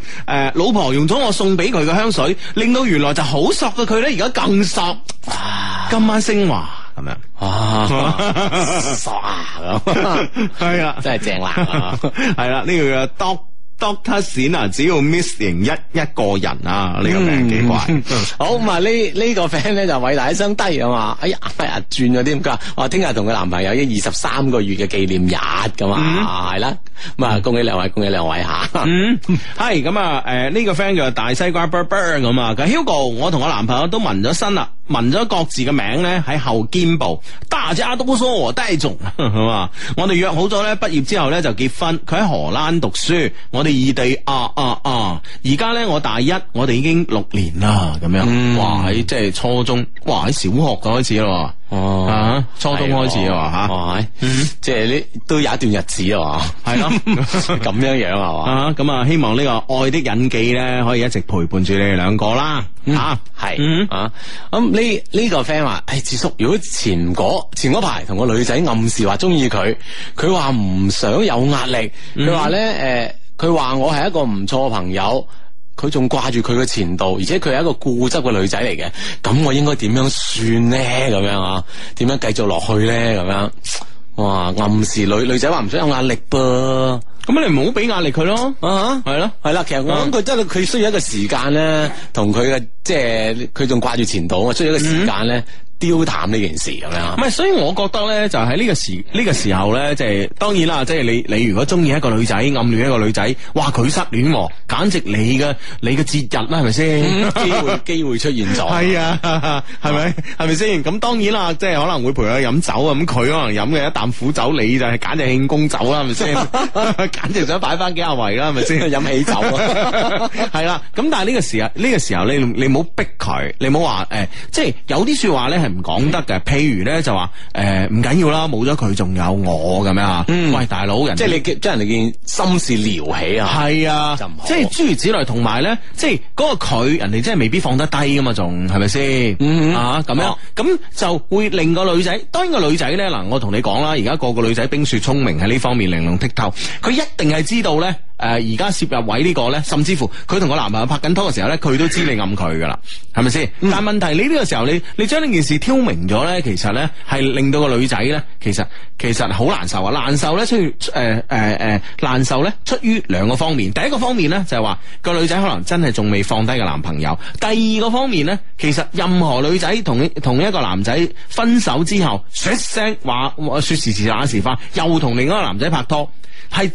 老婆用咗我送俾佢嘅香水，令到原來就好索嘅佢咧，而家更索， 今晚升華。咁樣，哇，傻啊咁，係啊，真係正啦，係啦，呢個 doctor doctor Sean 啊，只要 missing 一一個人啊，呢個 名幾怪。 好，咁啊、這個、呢呢個 friend 咧就偉大一聲低啊嘛，哎呀哎轉咗添，佢話我聽日同佢男朋友一、二十三個月嘅紀念日㗎嘛，係啦、嗯，咁啊恭喜兩位，恭喜兩位吓。啊、嗯，係咁 啊，誒、這、呢個 friend 叫大西瓜 b u r burn 咁啊，佢 Hugo，我同我和男朋友都紋咗身啦。紋咗各自嘅名咧喺後肩部，大家都疏和低仲係嘛？我哋約好咗咧，畢業之後咧就結婚。佢喺荷蘭讀書，我哋異地啊啊啊！而家咧我大一，我哋已經六年啦，咁樣、嗯、哇！喺即係初中，哇喺小學就開始咯。哦，初中開始啊，吓，即係呢都有一段日子啊，係咯，咁樣樣係嘛。啊，咁啊，希望呢個愛的印記咧，可以一直陪伴住你哋兩個啦。啊，係，啊，咁呢呢個 friend 話，誒，智叔，如果前嗰排同個女仔暗示話中意佢，佢話唔想有壓力，佢話咧，誒，佢話我係一個唔錯嘅朋友。佢仲掛住佢個前度，而且佢係一個固執嘅女仔嚟嘅，咁我應該點樣算咧？咁樣啊？點樣繼續落去咧？咁樣，哇！暗示女女仔話唔想有壓力噃，咁你唔好俾壓力佢咯，啊，啊，係咯了，係啦，嗯，其實我諗佢真係佢需要一個時間咧，同佢嘅即係佢仲掛住前度，我需要一個時間咧。嗯刁淡呢件事咁樣，唔係，所以我覺得咧，就喺呢個時呢個時候咧，即係當然啦，即係你你如果中意一個女仔，暗戀一個女仔，哇佢失戀喎，簡直你嘅你嘅節日啦，係咪先？ 機會機會出現咗，係啊，係咪？係咪先？咁當然啦，即係可能會陪佢飲酒啊，咁佢可能飲嘅一啖苦酒，你就係簡直慶功酒啦，係咪先？ 簡直想擺翻幾廿圍啦，係咪先？飲起 酒，係啦。咁但係呢個時候，呢個時候你你唔好逼佢，你唔好話誒，即係有啲説話咧。係唔講得嘅，譬如咧就話誒，唔緊要啦，冇咗佢仲有我咁樣啊！嗯、喂，大佬人，即係你，將人哋件心事撩起啊！係啊，就即係諸如此類，同埋咧，即係嗰個佢人哋真係未必放得低噶嘛，仲係咪先？是是嗯，嗯啊咁樣，咁、嗯、就會令個女仔，當然個女仔咧嗱，我同你講啦，而家個個女仔冰雪聰明，喺呢方面玲瓏剔透，佢一定係知道咧。誒，而家攝入位呢個呢，甚至乎佢同個男朋友拍緊拖嘅時候呢，佢都知你暗佢噶啦，係咪先？嗯、但問題你呢個時候，你你將呢件事挑明咗呢，其實呢係令到個女仔呢，其實其實好難受啊！難受呢，出於誒誒誒，難受呢，出於兩個方面。第一個方面呢，就係話個女仔可能真係仲未放低個男朋友。第二個方面呢，其實任何女仔同同一個男仔分手之後，說聲話說時遲那時快，又同另一個男仔拍拖係。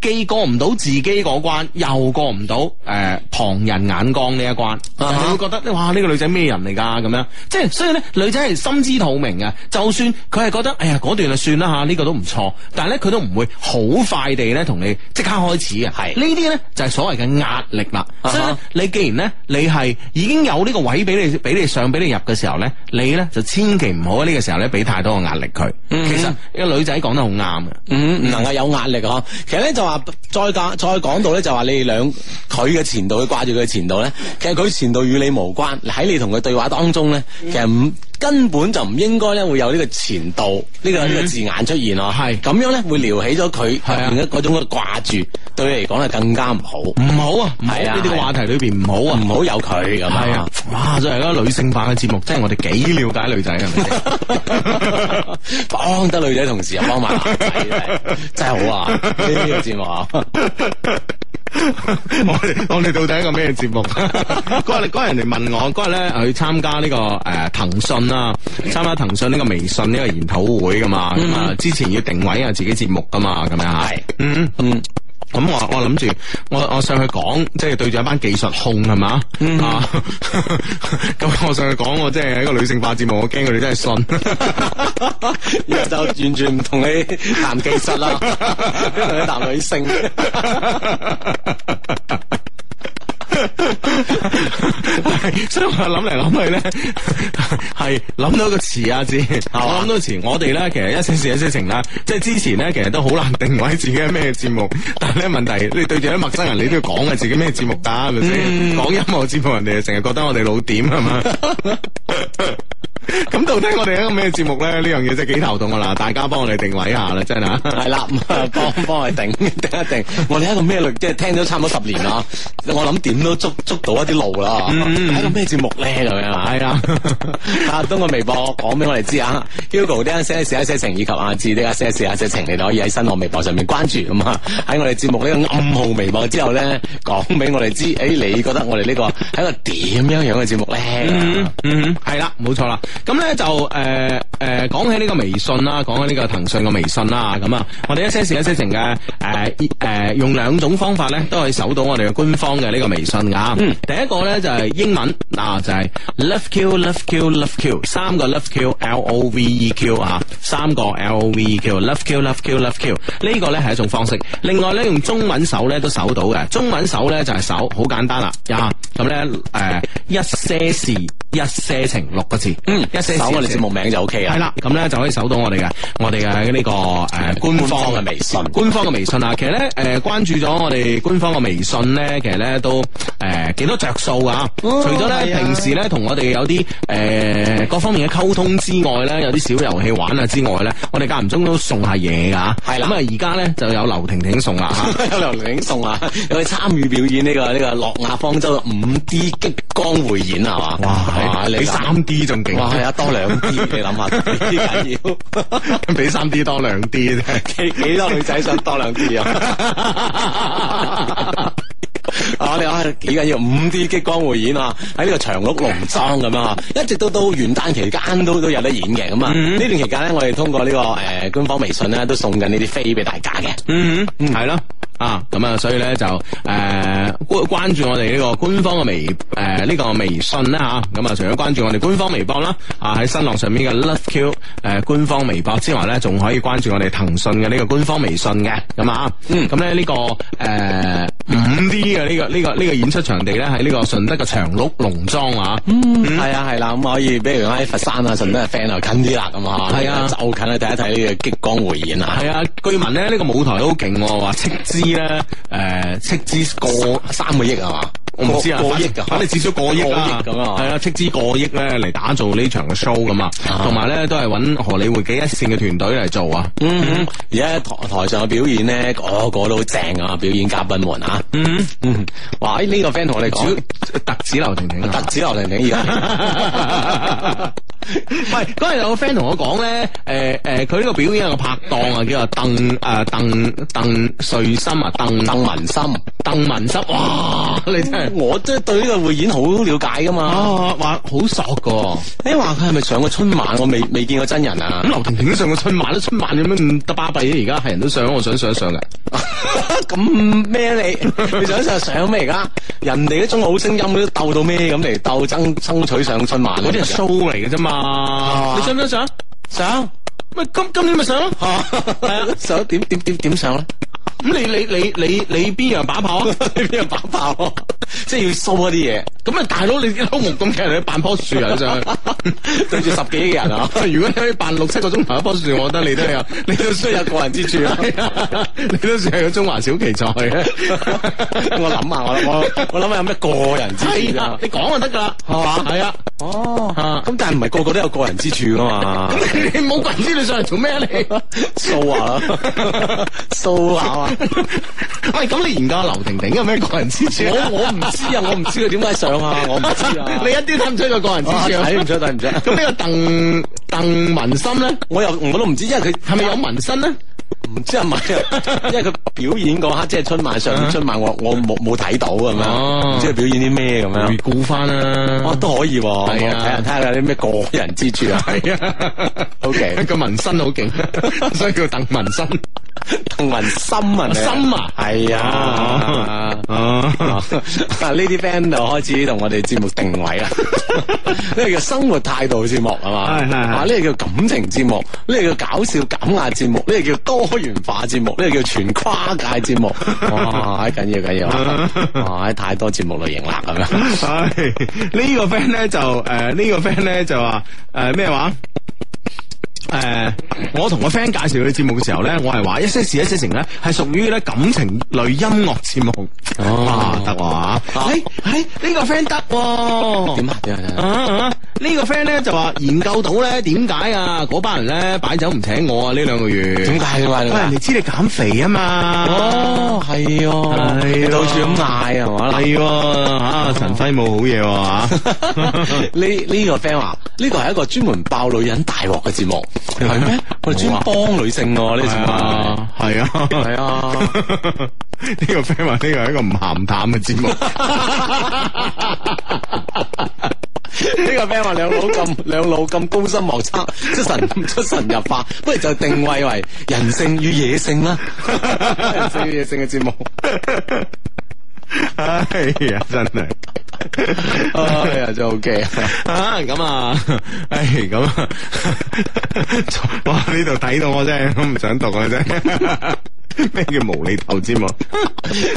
既過唔到自己嗰關，又過唔到誒旁人眼光呢一關，你會覺得哇呢個女仔咩人嚟噶咁樣？即係所以咧，女仔係心知肚明嘅。就算佢係覺得哎呀嗰段就算啦吓，呢個都唔錯，但係咧佢都唔會好快地咧同你即刻開始啊。係呢啲咧就係所謂嘅壓力啦。所以咧，你既然咧你係已經有呢個位俾你俾你上俾你入嘅時候咧，你咧就千祈唔好喺呢個時候咧俾太多嘅壓力佢。其實呢個女仔講得好啱嘅，唔能夠有壓力啊。其實咧。就話再講再講到咧，就話你哋兩佢嘅前度去掛住佢嘅前度咧，其實佢前度與你無關。喺你同佢對話當中咧，嗯、其實唔。根本就唔應該咧，會有呢個前度呢個呢個字眼出現啊！係咁、嗯、樣咧，會撩起咗佢入面嘅嗰種嘅掛住，對你嚟講係更加唔好，唔好啊！唔係啊，呢啲個話題裏邊唔好啊，唔好有佢咁。係啊，哇！真係一女性化嘅節目，真係我哋幾了解女仔係咪先？ 幫得女仔同時又幫埋男仔， 真係好啊！呢個 節目啊！ 我我哋到底係一個咩節目？嗰 日你日人嚟問我。嗰日咧去參加呢、這個誒騰訊啊，參加騰訊呢個微信呢個研討會噶嘛？咁啊、嗯，之前要定位啊自己節目噶嘛？咁樣係，嗯嗯。咁我我諗住我我上去講，即係對住一班技術控係嘛，嗯、啊？咁 我上去講我即係一個女性化節目，我驚佢哋真係信，然後， 就完全唔同你談技術啦，同 你談女性。 所以我諗嚟諗去咧，係 諗到一個詞啊字， 我諗到個詞，我哋咧其實一些事一些情啦，即係之前咧其實都好難定位自己係咩節目，但係咧問題，你對住啲陌生人，你都要講下自己咩節目噶，係咪先？講音樂節目，人哋成日覺得我哋老點係嘛。 咁到底我哋一個咩節目咧？呢樣嘢真係幾頭痛㗎喇！嗱，大家幫我哋定位下啦，真係啊！係啦， 幫幫我哋定定一定。我哋一個咩類？即、就、係、是、聽咗差唔多十年啊！我諗點都捉捉到一啲路啦。嗯嗯，係個咩節目咧？咁樣係啊， 啊我？啊，登個微博講俾我哋知啊！Hugo 呢，s 寫一寫情以及阿、啊、志，呢 s 寫一寫情，你哋可以喺新浪微博上面關注咁啊！喺我哋節目呢個暗號微博之後咧，講俾我哋知。誒、哎，你覺得我哋、這個、呢個係個點樣樣嘅節目咧？嗯嗯，係啦，冇錯啦。咁咧、嗯、就誒誒、呃呃、講起呢個微信啦，講起呢個騰訊嘅微信啦，咁啊，我哋一些事一些情嘅誒誒，用兩種方法咧都可以搜到我哋嘅官方嘅呢個微信㗎。嗯，第一個咧就係、是、英文啊，就係、是、love q love q love q 三個 love q l o v、e、q 啊，三個 l o v e q love q love q, love q 個呢個咧係一種方式。另外咧用中文搜咧都搜到嘅，中文搜咧就係搜好簡單啦啊。咁咧誒一些事。一些情六個字，嗯，一些情。我哋節目名就 O K 啦。係啦，咁咧就可以搜到我哋嘅，我哋嘅呢個誒、呃、官方嘅微信，官方嘅微信啊。其實咧，誒、呃、關注咗我哋官方嘅微信咧，其實咧都誒幾多着數噶。哦、除咗咧的平時咧同我哋有啲誒、呃、各方面嘅溝通之外咧，有啲小遊戲玩啊之外咧，我哋間唔中都送下嘢噶、啊。係啦的，咁啊而家咧就有劉婷婷送啦，吓有劉婷婷送啊，有去參與表演呢、這個呢、這個諾亞、這個、方舟嘅五 D 激光匯演係嘛？哇！你三 D 仲勁哇哇，多兩 D， 你諗下幾緊要！咁 比三 D 多兩 D，幾幾多，多女仔想多兩 D 啊？ 我哋開幾緊要五 D 激光匯演啊！喺呢個長鹿農莊咁樣吓，一直都到元旦期間都都有得演嘅咁啊！呢、mm hmm. 段期間咧，我哋通過呢、這個誒、呃、官方微信咧，都送緊呢啲飛俾大家嘅。嗯嗯、mm，係咯啊！咁啊，所以咧就誒關、呃、關注我哋呢個官方嘅微誒呢、呃這個微信啦吓，咁啊除咗關注我哋官方微博啦，啊喺新浪上面嘅 LoveQ 誒、呃、官方微博之外咧，仲可以關注我哋騰訊嘅呢個官方微信嘅咁啊。嗯、啊，咁咧呢個誒五、呃 mm hmm. D。呢、這個呢、這個呢、這個演出場地咧，喺呢個順德嘅長鹿農莊啊，係、嗯嗯、啊係啦，咁可以，比如喺佛山啊、順德嘅 fans 又近啲啦，咁啊，係啊,啊,啊，就近去睇一睇呢個激光匯演啊。係啊，據聞咧呢、這個舞台都好勁喎，話斥資咧誒斥資過三個億啊嘛。我唔知啊，過億啊，反正至少過億啊，係啊，斥資過億咧嚟打造呢場嘅 show 咁啊，同埋咧都係揾荷里活幾一線嘅團隊嚟做啊。嗯哼，而家台台上嘅表演咧，個個、個都好正啊，表演嘉賓們啊。嗯嗯，哇！誒、這、呢個 friend 同我哋講，特指劉婷婷特指劉婷婷而家。 喂，嗰日有個 friend 同我講咧，誒、呃、誒，佢呢個表演有個拍檔啊，叫做鄧誒鄧鄧瑞心啊，鄧鄧文心，鄧文心，哇！你真係我即係對呢個匯演好了解噶嘛，話好索噶，啊、你話佢係咪上過春晚？我未未見過真人啊！咁劉婷婷上過春晚，都春晚有咩咁得巴閉，而家係人都上，我想上，上一上嘅。咁 咩，啊嗯啊、你？你想上上咩而家？人哋啲中國好聲音都鬥到咩咁嚟，鬥爭爭取上春晚？嗰啲係 show 嚟嘅啫嘛～ 啊，你想唔想上？上，咪今今年咪上咯，係啊。 啊上點點點點上咧？咁你你你你你邊樣把炮啊？你邊樣把炮啊？即係要掃嗰啲嘢。咁啊，大佬你好木咁嘅人你扮樖樹啊？上去 對住十幾億人啊！如果你可以扮六七個鐘頭一樖樹，我覺得你都有。你都需有個人之處啊！ 你都算係個中環小奇才啊！ 我諗下，我我我諗下有咩個人之處啊？已你講就得噶啦，係嘛？係啊。哦、啊。咁但係唔係個個都有個人之處噶嘛？ 你冇人知你上嚟做咩嚟？掃啊！掃啊！ 喂，咁、 哎、你研究 劉婷婷有咩過人之處？我、啊、 我唔知啊， 啊，我唔知佢點解上啊，我唔 知啊。你一啲都睇唔出佢過人之處啊，睇唔出，睇唔出。咁 呢個鄧鄧文心咧，我又我都唔知，因為佢係咪有紋身咧？唔知係咪啊？因為佢表演嗰刻即係春晚，上春晚，我我冇冇睇到啊！咁樣，唔知佢表演啲咩咁樣。回顧翻，啦，哇都可以，睇下睇下啲咩個人之處啊！係啊，O K，個紋身好勁，所以叫鄧紋身，鄧紋心紋心啊！係啊，哦，呢啲 friend 就開始同我哋節目定位啦。呢個叫生活態度節目係嘛？啊呢個叫感情節目，呢個叫搞笑減壓節目，呢個叫多。多元化節目，呢、呢個叫全跨界節目，哇！喺緊要緊要，要 哇！太多節目類型啦，咁樣。 哎呢個、呢、呃呢個 friend 咧就誒，呃、呢個 friend 咧就話誒咩話？ 誒、呃，我同個 friend 介紹呢節目嘅時候咧，我係話《一些事一些情》咧係屬於咧感情類音樂節目。哦，得喎！誒誒，呢個 friend 得點啊？點啊？呢、欸欸這個 friend 咧就話研究到咧，點解啊？嗰班人咧擺酒唔請我啊？呢兩個月點解嘅嘛，喂、啊，人哋知你減肥啊嘛。哦，係哦，到處咁嗌啊嘛？係啊，陳輝冇好嘢啊呢呢、 這個 friend 話呢個係一個專門爆女人大鑊嘅節目。係咩？啊、我哋專幫女性㗎呢、這個節目，係啊，係啊。呢個 friend 話呢個係一個唔咸唔淡嘅節目。呢個 friend 話兩老咁，兩老咁高深莫測，出神出神入化。不如就定位為人性與野性啦。 人性與野性嘅節目。 哎呀，真係。哎呀，真係好驚啊！咁啊，哎，咁啊，哇，呢度睇到我真係，我唔想讀啊，真係。咩 叫無厘頭節、 啊這個、目？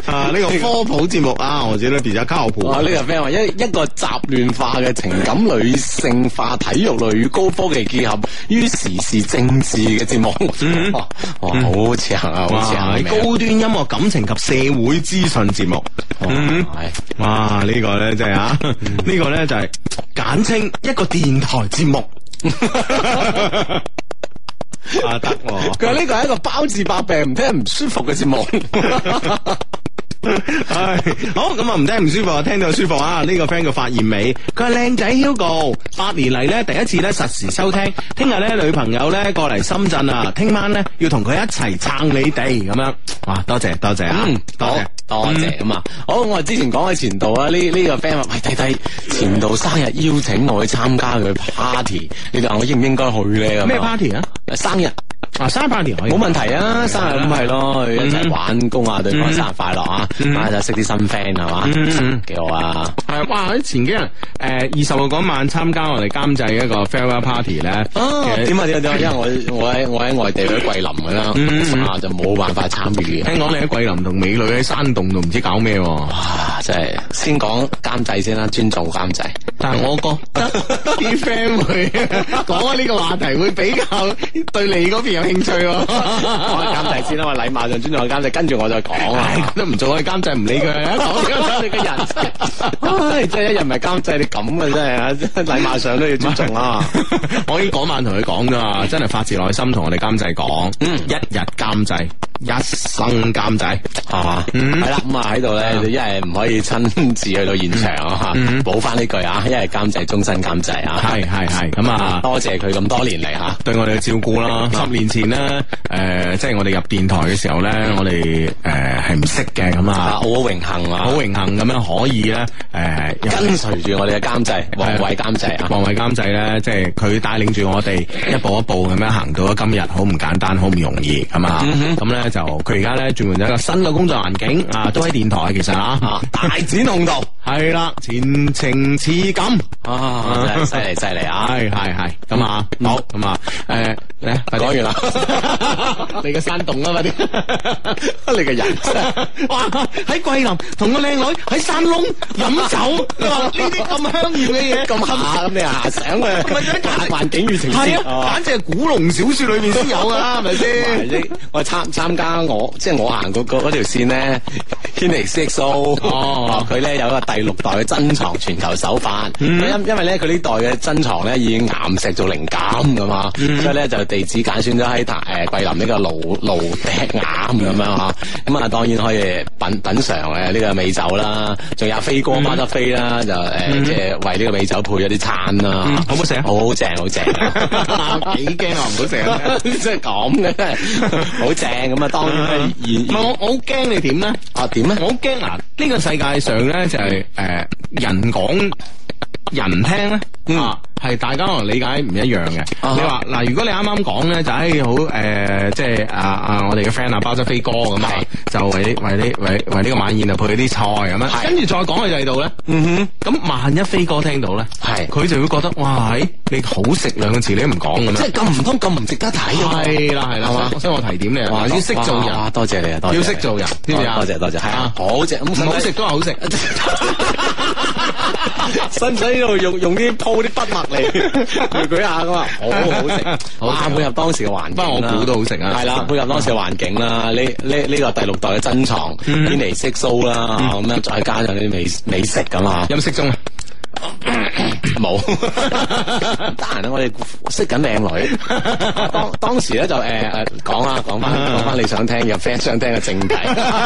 啊，呢個科普節目啊，或者呢，變咗科學盤。我呢個咩 r 話一一個雜亂化嘅情感女性化體育類與高科技結合於時事政治嘅節目。好嗯，啊，好長啊，哇，高端音樂、感情及社會資訊節目。嗯，係。哇， 哇這個、呢個咧即係啊， 個呢、就是啊這個咧就係、是、簡稱一個電台節目。 啊得喎！佢話呢個係一個包治百病，唔聽唔舒服嘅節目。 係 好咁啊！唔聽唔舒服，啊。聽到舒服啊！呢、這個 friend 個發言尾，佢係靚仔 Hugo，八年嚟咧第一次咧實時收聽，聽日咧女朋友咧過嚟深圳啊，聽晚咧要同佢一齊撐你哋咁樣。哇！多謝多謝啊！多謝、嗯、多謝咁啊、嗯！好，我之前講喺前度啊，呢、這、呢個 friend 話、這個、喂睇睇，前度生日邀請我去參加佢 party，你話我應唔應該去咧？咩麼 party 啊？生日。啊，生日 party 可以冇問題啊，生日咁係咯，去一齊玩工啊，對佢生日快樂啊，大家又識啲新 friend 係嘛，幾好啊！哇，喺前幾日誒二十號嗰晚參加我哋監製一個 farewell party 咧，點啊，因為我我喺我喺外地喺桂林嘅啦，就冇辦法參與。聽講你喺桂林同美女喺山洞度唔知搞咩喎？哇，真係！先講監製先啦，尊重監製。但係我哥啲 friend 會講呢個話題會比較對你嗰邊有。興趣我係監製先啦，我禮貌上尊重我監製，跟住我再講啊，都唔做我監製唔理佢啊，講監製嘅人，真係一日唔係監製你咁啊，真係啊，禮貌上都要尊重啦。我已經嗰晚同佢講噶，真係發自內心同我哋監製講，一日監製，一生監製，係嘛，係啦，咁啊喺度咧，一係唔可以親自去到現場啊，補翻呢句啊，一係監製終身監製啊，係係係，咁啊多謝佢咁多年嚟，吓，對我哋嘅照顧啦，十年前。啦，誒，即係我哋入電台嘅時候咧，我哋誒係唔識嘅咁啊。好榮幸啊，好榮幸咁樣可以咧，誒，跟隨住我哋嘅監製黃偉監製啊，黃偉監製咧，即係佢帶領住我哋一步一步咁樣行到今日，好唔簡單，好唔容易，咁啊，咁咧就佢而家咧轉換咗一個新嘅工作環境啊，都喺電台其實啊，大展宏圖係啦，前程似錦啊！真係犀利犀利啊！係係係咁啊，好咁啊，誒，講完啦。你個山洞啊嘛啲，你個人喺桂林同個靚女喺山窿飲酒，你話呢啲咁香艷嘅嘢，咁下咁你行上啊，咪想環境與情節，係啊，簡直係古龍小說裏邊先有噶啦，係咪先？我參參加我即係我行嗰個嗰條線咧，軒尼詩 XO 哦，佢咧有一個第六代嘅珍藏全球首發，因因為咧佢呢代嘅珍藏咧以岩石做靈感噶嘛，所以咧就地質揀選咗。喺、啊、桂林呢個蘆蘆笛咁樣呵，咁啊當然可以品品嚐誒呢個美酒啦，仲有飛哥馬德飛啦，就誒即係為呢個美酒配咗啲餐啦，嗯，好唔、啊、好食啊？好正，好正，幾驚啊！唔 好食！日即係咁嘅，好正咁啊！當然，唔係我好驚你點咧？啊點咧？我好驚啊！呢啊、這個世界上咧就係，是，誒、呃、人講人聽咧，嗯、啊。係大家可能理解唔一樣嘅。你話嗱，如果你啱啱講咧，就係好誒，即係啊啊，我哋嘅 friend 啊，包咗飛哥咁樣，就為啲為啲為呢個晚宴就配啲菜咁樣。跟住再講佢第二度咧，嗯哼，咁萬一飛哥聽到咧，係佢就會覺得哇，你好食兩個字你都唔講，即係咁唔通咁唔值得睇啊？係啦係啦，所以我提點你話要識做人多謝你啊，多謝要識做人，多謝多謝，係啊，好食唔好食都話好食，使唔使度用用啲鋪啲筆墨。 你舉舉下噶嘛，好好食，哇吃！配合、啊、當時嘅環境我估都好食、啊、啦，係啦、嗯，配合當時嘅環境啦，呢呢呢個第六代嘅珍藏，天、嗯、尼色素啦咁樣再加上啲美美食咁啊，音色中啊。冇得閒啊！ 我哋識緊靚女， 當當時咧就誒誒講啦，講翻講翻你想聽嘅 friend 想聽嘅正題，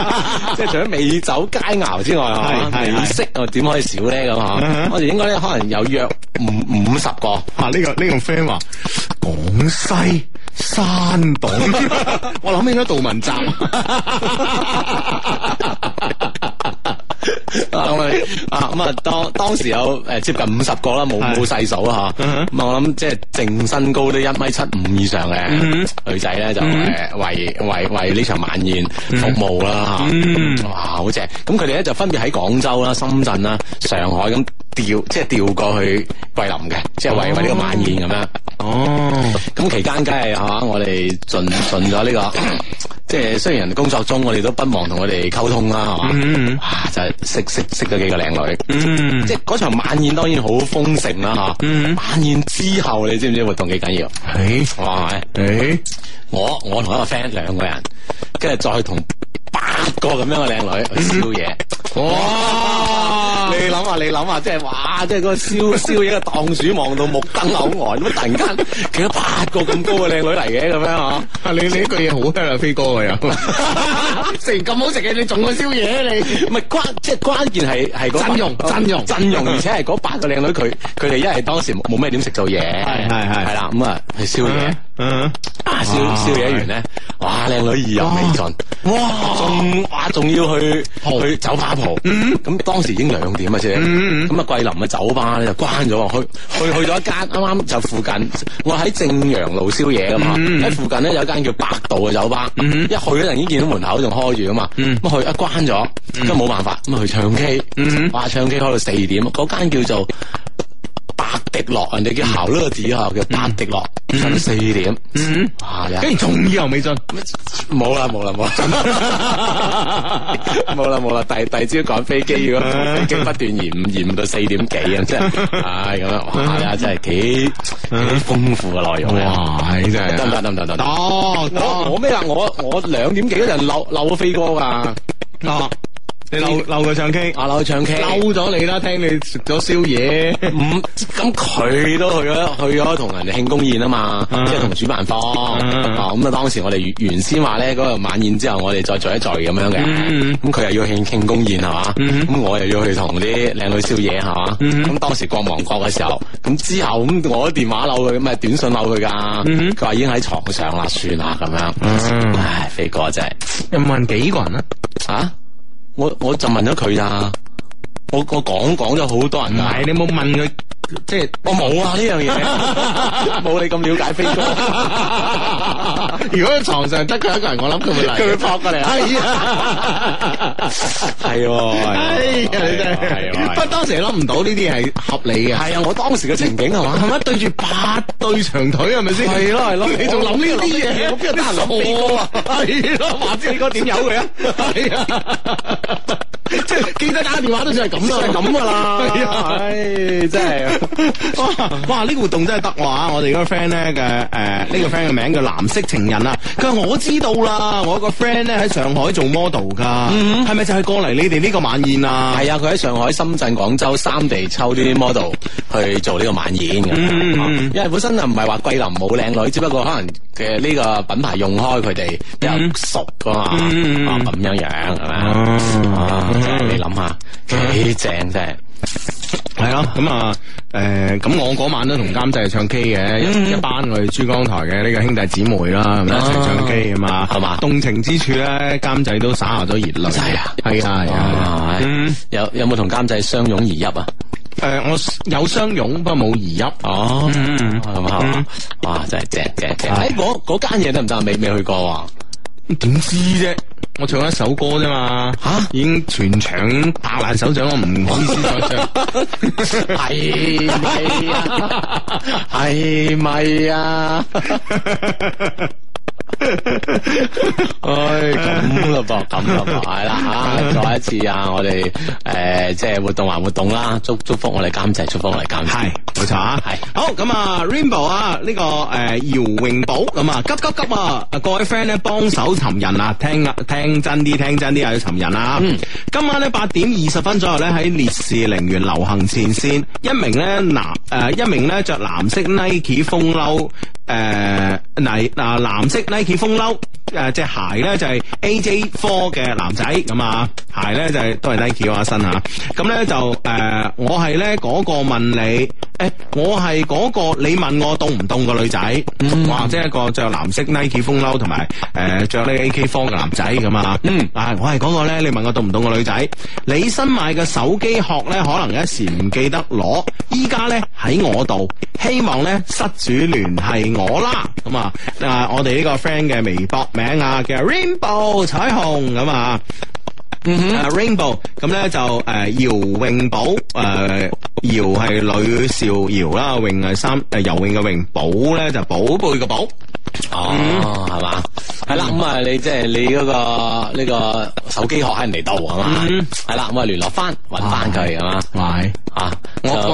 即係除咗美酒佳肴之外是啊，美色啊點可以少咧咁啊？我哋 應該咧可能有約五五十個啊！呢、這個呢、這個 friend 話廣西山洞，我 諗 起咗杜汶澤。 咁啊，咁 啊，當當時有誒、欸、接近五十個啦，冇冇細數啊吓。咁啊，我諗即係淨身高都一米七五以上嘅女仔咧，就誒為、嗯、哼為為呢場晚宴服務啦、嗯 啊。哇，好正！咁佢哋咧就分別喺廣州啦、深圳啦、上海咁調，即、就、係、是、調過去桂林嘅，即係為為呢個晚宴咁樣。哦，咁 期楽 ance、呃嗯啊、間梗係吓，我哋盡盡咗呢個。 即係雖然人哋工作中，我哋都不忘同佢哋溝通啦，係嘛，啊、嗯嗯、就係、是、識識識咗幾個靚女，嗯嗯、即係嗰場晚宴當然好豐盛啦，吓，晚宴之後你知唔知活動幾緊要？誒、欸，哇，誒、欸，我我同一個 friend 兩個人，跟住再同八個咁樣嘅靚女去宵夜，嗯、哇！哇你諗下，你諗下，即係話，即係個燒燒嘢，個檔主望到目瞪口呆，咁突然間，佢有八個咁高嘅靚女嚟嘅，咁樣嗬？你你呢句嘢好香啊，飛哥又食咁好食嘅，你仲個燒嘢你？唔係關，即係關鍵係係個陣容陣容陣容，而且係嗰八個靚女佢佢哋一係當時冇咩點食到嘢，係係係，係啦，咁啊，燒嘢。嗯，uh huh. 啊，宵宵夜完咧，哇，靚女意猶未盡哇，哇，仲哇仲要去去酒吧蒲，咁、嗯、哼當時已經兩點啊啫，咁啊、嗯、哼桂林嘅酒吧咧就關咗，去去去咗一間啱啱就附近，我喺正陽路宵夜噶嘛，喺、嗯、哼附近咧有一間叫百度嘅酒吧，嗯、哼一去嗰陣已經見到門口仲開住啊嘛，咁、嗯、哼去一關咗，咁冇、嗯、哼辦法，咁啊去唱 K，哇、嗯、哼唱 K 開到四點，嗰間叫做。白迪樂，人哋叫考呢個字嗬，叫白迪樂。嗯嗯、到四點，跟住仲以後未進，冇啦冇啦冇啦冇啦冇啦，第第二朝趕飛機，咁已經不斷延延到四點幾啊！真係，唉，咁樣哇，真係幾幾豐富嘅內容。哇，真係得唔得得唔得得。哦，我我咩啦？我 我兩點幾就漏溜飛哥噶。啊！ 你嬲嬲佢唱 K，我嬲佢唱 K，嬲咗你啦！聽你食咗宵夜，唔咁佢都去咗，去咗同人哋慶功宴啊嘛，即係同主辦方。哦，咁啊，當時我哋原先話咧，嗰個晚宴之後，我哋再聚一聚咁樣嘅。咁佢又要慶慶功宴係嘛？咁我又要去同啲靚女宵夜係嘛？咁當時各忙各嘅時候，咁之後咁我都電話嬲佢，咁啊短信嬲佢噶。佢話已經喺床上啦，算啦咁樣。唉，飛哥真係，有問幾個人啊？啊？我我就問咗佢咋，我我講講咗好多人。係你冇問佢。即係我冇啊呢樣嘢，冇你咁了解飛哥。如果喺床上得佢一個人，我諗佢會嚟，佢會撲過嚟。係啊，係。係啊，你哋。不過當時諗唔到呢啲係合理嘅。係啊，我當時嘅情景係，對住八對長腿係咪先？係咯，係咯，你仲諗呢啲嘢？我邊有得諗飛哥啊？係咯，話知你嗰點有嘅啊？ 記得打電話都算係咁啦，係咁噶啦，唉 、哎，真係、嗯、哇呢、呢個活動真係得哇！我哋嗰、呃呢個 friend 咧嘅誒呢個 friend 嘅名叫藍色情人啊，佢話我知道啦，我一個 friend 咧喺上海做 model 噶，係咪、嗯、就係過嚟你哋呢個晚宴啊？係啊，佢喺上海、深圳、廣州三地抽呢啲 model 去做呢個晚宴，嗯嗯因為本身就唔係話桂林冇靚女，只不過可能嘅呢個品牌用開佢哋比較熟噶嘛，咁、嗯嗯嗯嗯啊、樣樣係嘛。呃啊你諗下幾正真係，啊，咁啊！誒，咁我嗰晚都同監製唱 K 嘅，一班我哋珠江台嘅呢個兄弟姊妹啦，一齊唱 K 啊嘛，係嘛？動情之處咧，監製都灑下咗熱淚。係啊，係啊，嗯，有有冇同監製相擁而泣啊？誒，我有相擁，不過冇而泣。哦，咁啊，哇，真係正正正！誒，嗰嗰間嘢得唔得？未未去過。點知啫？我唱一首歌啫嘛，吓，已經全場拍爛手掌， 我唔好意思，再唱。係咪啊？係咪啊？哎哎哎哎哎 哎， 咁咯噃，咁咯噃，係啦吓，再一次啊，我哋誒、呃，即係活動還活動啦，祝祝福我哋監製，祝福我哋監製，係冇錯啊，係是好咁啊，Rainbow 啊，呢、這個誒、呃、姚永寶咁啊，急急急啊！啊各位 friend 咧，幫手尋人啊，聽聽真啲，聽真啲啊，要尋人啊！嗯、今晚咧八點二十分左右咧，喺烈士陵園流行前線，一名咧藍誒，一名咧着藍色 Nike 風褸，誒、呃，嗱、呃呃、藍色 Nike 風褸誒，隻鞋咧就係 AJ Four 嘅男仔咁啊，鞋咧就係都係 Nike 啊新吓，咁咧就誒，我係咧嗰個問你誒，我係嗰個你問我凍唔凍嘅女仔，哇，即係一個着藍色 Nike 風褸同埋誒着呢 AJ Four 嘅男仔咁啊，嗯，啊我係嗰個咧，你問我凍唔凍嘅女仔，你新買嘅手機殼咧可能一時唔記得攞，依家咧喺我度，希望咧失主聯繫我啦，咁啊，啊我哋呢個。friend 嘅微博名啊，叫 Rainbow 彩虹咁啊，嗯哼，啊 Rainbow 咁咧就誒姚泳寶，誒姚係女兆姚啦，泳係三誒游泳嘅泳寶咧就寶貝嘅寶，哦係嘛？係啦咁啊你即係你嗰個呢個手機殼喺人哋度啊嘛，係啦咁啊聯絡翻搵翻佢係嘛？係。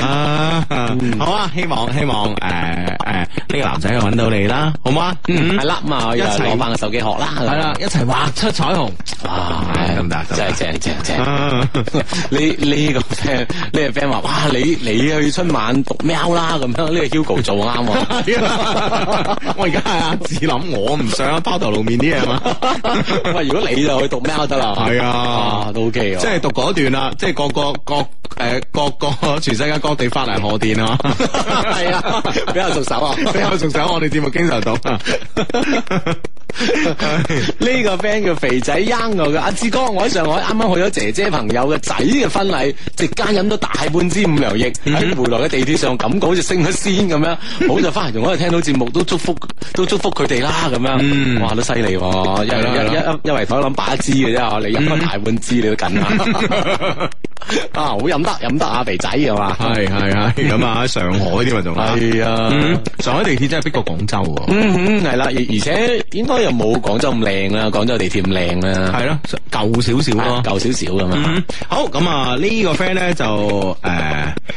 啊，好啊！希望希望誒誒呢個男仔去揾到你啦，好唔好啊？嗯，係啦，咁啊，一齊攞翻個手機殼啦，係啦，一齊畫出彩虹。哇，咁大，真係正正正。你你呢個 friend 呢個 friend 話，哇，你你去春晚讀喵啦，咁樣呢個 Hugo 做啱啊。我而家係阿志諗，我唔想拋頭露面啲啊嘛。喂，如果你就去讀喵得啦，係啊，都 OK 啊。即係讀嗰段啦，即係各個各誒各個全身。而家各地發嚟賀電啊，係啊，比較熟手啊， 比較熟手，我哋節目經常到。呢個 friend 叫肥仔，young 嘅阿志哥，我喺上海，啱啱去咗姐姐朋友嘅仔嘅婚禮，直間飲咗大半支五糧液，喺、嗯、回來嘅地鐵上感覺好似升咗仙咁樣。好就翻嚟，我、嗯、聽到節目都祝福、嗯，都祝福佢哋啦，咁樣話得犀利。一一一圍台諗把一支嘅啫，你飲咗大半支你都緊啊，啊好飲得飲得啊肥仔係嘛。 係係係咁啊！上海添啊仲係啊！上海地鐵真係逼過廣州喎、嗯。嗯哼，係啦、啊，而且應該又冇廣州咁靚啦，廣州地鐵咁靚啦。係咯、啊，舊少少咯，舊少少咁啊，啊、嗯。好，咁啊呢個 friend 咧就誒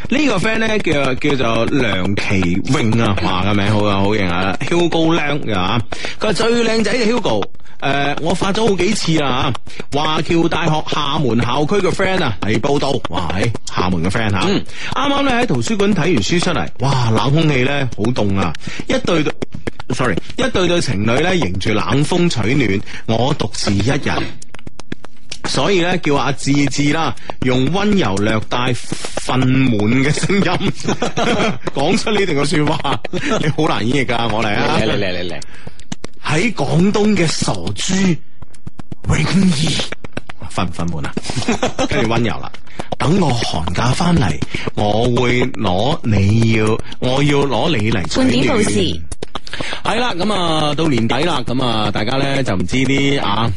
呢個 friend 咧叫叫做梁其永啊，哇個名好啊，好型啊，Hugo 靚嘅啊，佢、 啊、最靚仔就 Hugo。誒、呃，我發咗好幾次啦吓，華僑大學廈門校區嘅 friend 啊嚟報到，哇，喺、欸、廈門嘅 friend 吓、啊，啱啱咧喺圖書館睇完書出嚟，哇，冷空氣咧好凍啊，一對對，sorry，一對對情侶咧迎住冷風取暖，我獨自一人，所以咧叫阿志志啦，用溫柔略帶憤滿嘅聲音講 出呢段嘅說話，你好難演繹噶，我嚟啊，嚟嚟嚟嚟。喺廣東嘅傻豬永怡，瞓唔瞓悶啊？跟住溫柔啦， 等我寒假翻嚟，我會攞你要，我要攞你嚟。半點到係啦，咁啊、嗯、到年底啦，咁啊大家咧就唔知啲啊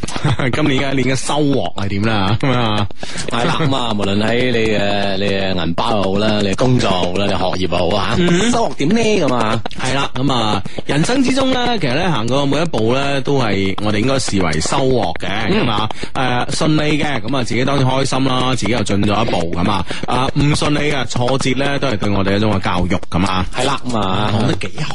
今年嘅一年嘅收穫係點啦，咁啊係啦，咁啊、 哎、無論喺你嘅你嘅銀包又好啦，你嘅工作又好啦，你學業又好啊，嗯、收穫點呢咁啊？係啦，咁啊人生之中咧，其實咧行過每一步咧，都係我哋應該視為收穫嘅，係嘛、嗯？誒順利嘅，咁啊自己當然開心啦，自己又進咗一步咁啊？啊唔順利嘅挫折咧，都係對我哋一種嘅教育咁啊？係啦、哎喲，咁啊講得幾好。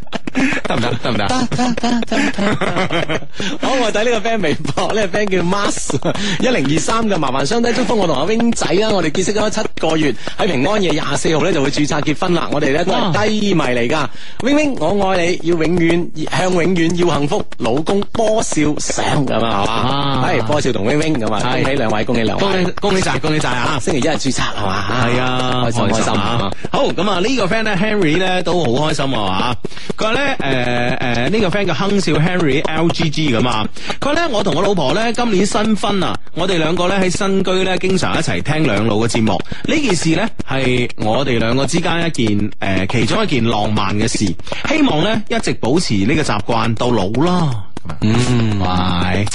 得唔得？得唔得？得得得得得！好，我睇呢個 friend 微博。呢、這個 friend 叫 Mas，一零二三嘅麻煩雙低祝福我同阿 wing 仔啊。我哋結識咗七個月，喺平安夜廿四號咧就會注冊結婚啦。我哋咧都係低迷嚟噶，wing wing 我愛你，要永遠向永遠要幸福，老公波少 Sam 咁啊，係嘛？係波少同 wing wing 咁啊，對 恭喜兩位，恭喜兩位恭喜，恭喜恭喜晒，恭喜晒啊！星期一日注冊係嘛？係啊，啊開心開心啊！好咁啊，呢個 friend 咧 Henry 咧都好開心啊，佢咧。誒誒，呢、呃呃呢個 friend 叫亨少 Harry L G G 噶嘛，佢咧，我同我老婆咧今年新婚啊，我哋兩個咧喺新居咧經常一齊聽兩老嘅節目，呢件事咧係我哋兩個之間一件誒、呃、其中一件浪漫嘅事，希望咧一直保持呢個習慣到老啦。嗯，喂，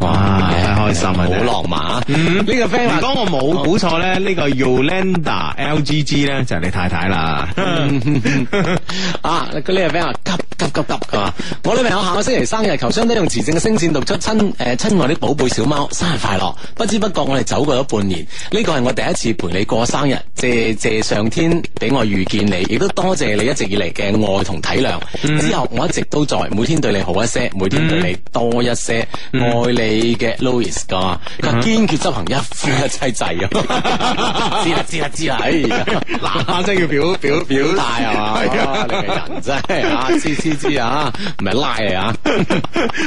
哇，太開心啊，好浪漫。啊。呢、嗯、個 friend 話，如果我冇估錯咧，呢個 Yolanda L G G 咧就係你太太啦。嗯嗯、 啊，呢、這個 friend 話，急急急急，係、啊、我女朋友下個星期生日，求相低用磁性嘅聲線讀出親，誒，親、呃、愛啲寶貝小貓，生日快樂！不知不覺我哋走過咗半年，呢個係我第一次陪你過生日，謝謝上天俾我遇見你，亦都多謝你一直以嚟嘅愛同體諒。嗯、之後我一直都在，每天對你好一些，每天。每天嚟多一些愛你嘅 Louis 噶，佢、啊嗯、堅決執行一夫一妻制咁，知啦知啦知啦，哎，阿星真要表表表態係嘛？你嘅人真係啊，知知知啊，唔係拉啊，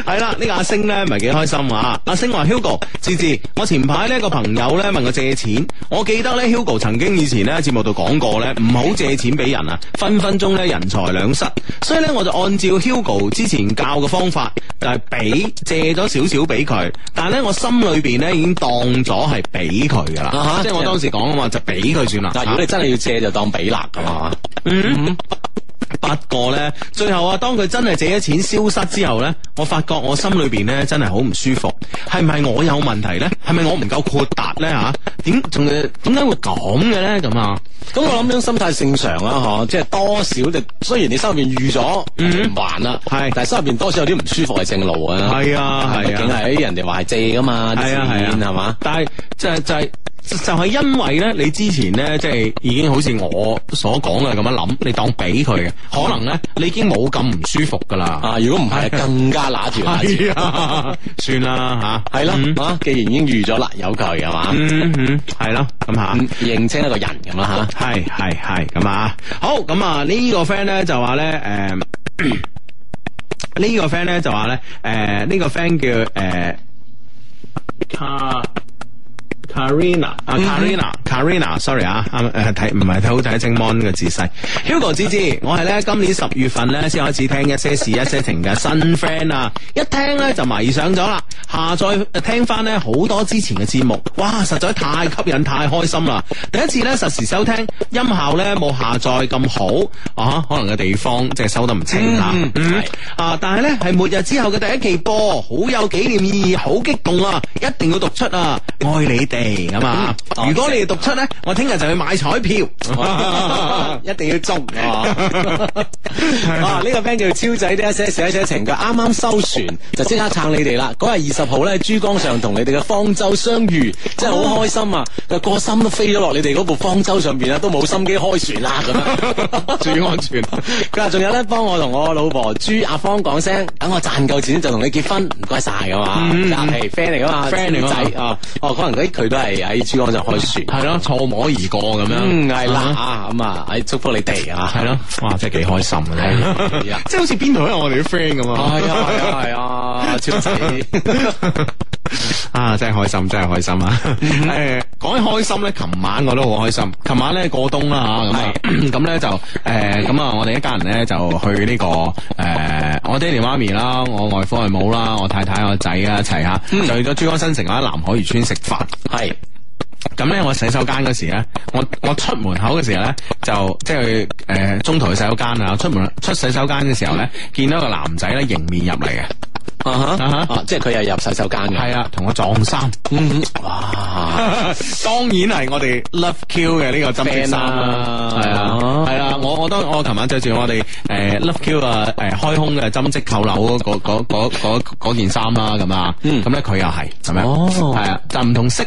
係啦，呢個阿星咧唔係幾開心啊，阿星話 Hugo 知唔知？我前排呢個朋友咧問我借錢，我記得咧 Hugo 曾經以前咧喺節目度講過咧，唔好借錢俾人啊，分分鐘咧人財兩失，所以咧我就按照 Hugo 之前教嘅方法。就係俾借咗少少俾佢，但係咧我心裏邊咧已經當咗係俾佢噶啦，啊、哈即係我當時講啊嘛，就俾佢算啦。但係如果你真係要借，就當俾啦咁嘛。嗯 不過咧，最後啊，當佢真係借咗錢消失之後咧，我發覺我心裏邊咧真係好唔舒服，係唔係我有問題咧？係咪我唔夠豁達咧？吓，點仲點解會咁嘅咧？咁啊，咁、啊、我諗樣心態正常啦，嗬，即係多少你雖然你心入邊預咗唔還啦，係，但係心入邊多少有啲唔舒服係正路啊，係啊，啊，梗係俾人哋話借噶嘛，係啊係啊，係嘛、啊，啊啊、但係即係即係。就是就是就是就係因為咧，你之前咧，即係已經好似我所講嘅咁樣諗，你當俾佢嘅，可能咧你已經冇咁唔舒服噶啦啊！如果唔係，更加乸住乸住，算啦吓，係啦啊，嗯、啊！既然已經預咗啦，有佢係嘛，嗯嗯，係咯，咁啊，樣認清一個人咁啦吓，係係係，咁啊，好咁啊，呢、這個 friend 咧就話咧，誒、呃，呢、呃這個 friend 咧就話咧，誒、呃，呢、這個 friend 叫誒，卡、呃。啊 Carina 啊，Carina，Carina，sorry、mm hmm. 啊，啱睇唔係睇好睇清 Mon 嘅姿勢。Hugo 芝芝，G, 我係咧今年十月份咧先開始聽一些事一些情嘅新 friend 啊，一聽咧就迷上咗啦，下載聽翻咧好多之前嘅節目，哇，實在太吸引太開心啦！第一次咧實時收聽，音效咧冇下載咁好啊，可能嘅地方即係收得唔清啦。Mm hmm. 啊，但係咧係末日之後嘅第一期播，好有紀念意義，好激動啊！一定要讀出啊，愛你哋。咁啊！如果你哋讀出咧，我聽日就去買彩票，一定要中嘅。啊，呢個 friend 叫超仔，啲寫寫寫情嘅，啱啱收船就即刻撐你哋啦。嗰日二十號咧，珠江上同你哋嘅方舟相遇，真係好開心啊！個心都飛咗落你哋嗰部方舟上邊啊，都冇心機開船啦咁樣，注意安全。佢話仲有咧，幫我同我老婆朱阿芳講聲，等我賺夠錢就同你結婚，唔該晒，噶嘛，係？嗯嗯，friend 嚟噶嘛？friend 嚟，仔哦哦，可能佢。都係喺珠江就開船，係咯、啊，錯摸而過咁樣，嗯，係啦，啊，咁啊，喺祝福你哋啊，係咯、啊，哇，真係幾開心嘅咧，即係好似邊度都有我哋啲 friend 咁啊，係啊，係啊，係啊，超仔。 啊！真係開心，真係開心啊！誒，講起開心咧，琴晚我都好開心。琴 晚咧過冬啦吓，咁啊，咁咧是就誒，咁、呃、啊，我哋一家人咧就去呢、這個誒、呃，我爹哋媽咪啦，我外父母我外父母啦，我太太我仔啊一齊吓，就去咗珠江新城啊南海漁村食飯。係咁咧，我洗手間嗰時咧，我我出門口嘅時候咧，就即係誒、呃、中途去洗手間啊，出門出洗手間嘅時候咧，見到一個男仔咧迎面入嚟嘅。即係佢又入洗手間嘅，係、uh huh, uh huh. 啊，同 我撞衫。嗯，哇， 當然係我哋 Love Q 嘅呢個針織衫啦，係啊，係 啊，啊 我我當我琴晚着住我哋誒、欸、Love Q 啊誒、呃、開胸嘅針織扣褸嗰件衫啦，咁啊，咁咧佢又係，咁樣，係啊、嗯，就唔 同色，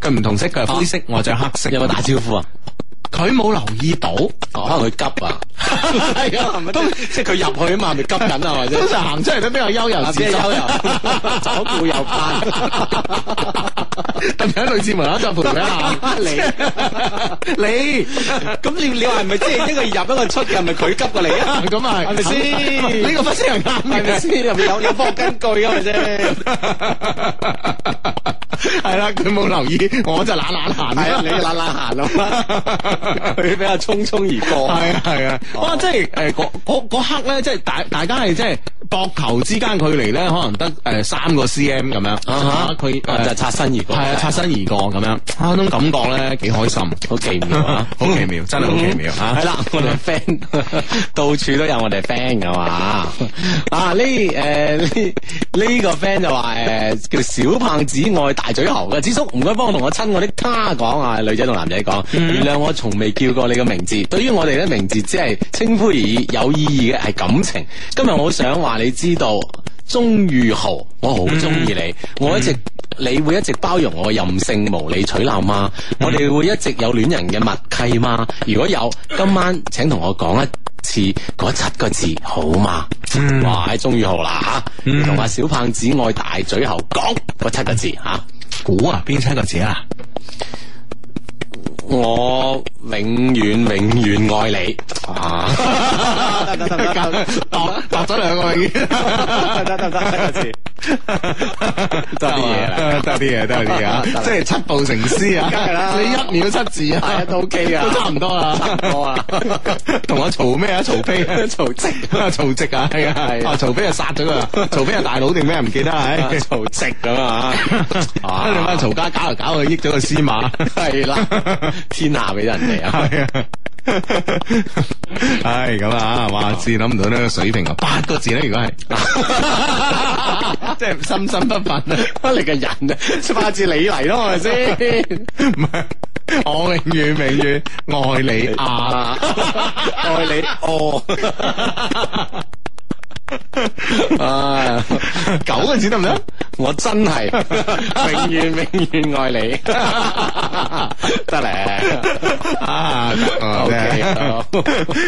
佢唔同色嘅灰色，啊、我着黑色，有冇打招呼啊？佢冇留意到，可能佢急啊，係啊，都即係佢入去啊嘛，咪急緊啊，或者常行出嚟都比較悠游自走，走步又慢。咁喺類似文老就陪佢行返嚟。你咁你你話係咪即係一個入一個出嘅，係咪佢急過嚟啊？咁啊係，咪先？呢個分析係啱嘅，係咪先？有有科學根據嘅，係咪先？係啦，佢冇 留意，我就懶懶閒。你懶懶閒啦，佢比較匆匆而過。係 啊，係、欸、啊。哇、啊，即係誒，嗰刻咧，即係大大家係即係膊頭之間距離咧，可能得誒三個 cm 咁樣。佢就擦身而過。係啊，啊，擦身而過咁樣。啊，種感覺咧幾開心，好奇妙啊，好 奇妙，真係好奇妙、嗯、啊。係啦， 我哋 friend 到處都有我哋 friend 噶嘛。啊，呢誒呢呢個、啊這個、friend 就話誒、啊、叫小胖子愛。大嘴猴嘅紫叔，唔該幫我同我親我啲他講啊，女仔同男仔講，原諒、嗯、我從未叫過你嘅名字。對於我哋嘅名字只係稱呼而已，有意義嘅係感情。今日我想話你知道。鍾裕豪，我好中意你，嗯、我一直，嗯、你會一直包容我任性無理取鬧嗎？嗯、我哋會一直有戀人嘅默契嗎？如果有，今晚請同我講一次嗰七個字好嗎？嗯、哇，鍾裕豪啦吓，同埋，嗯、小胖子愛大嘴猴，講嗰七個字吓，估啊邊、嗯啊，、七個字啊？我永遠永遠愛你啊！得得得得，落落咗兩個永，得得得得，得字，得啲嘢啦，得啲嘢，得啲嘢啊！即係七步成詩啊！你一秒七字啊，都 OK 啊，差唔多啦，多啊！同我嘈咩啊？曹丕啊？曹植啊？曹植啊？係啊係啊！啊！曹丕啊殺咗啦！曹丕係大佬定咩？唔記得係？曹植咁啊！啊！你班曹家搞嚟搞去，益咗個司馬，係啦。天下俾人哋啊！係咁啊，哇！真諗唔到呢個水平個 心心啊！八個字咧，如果係，即係心心不忿啊，乜嚟嘅人啊？八字你嚟咯，係咪先？唔 係，我永遠永遠愛你啊！愛你，啊、 愛你哦！啊、 哎，九個字得唔得？我真係 永遠永遠愛你，得嚟，OK，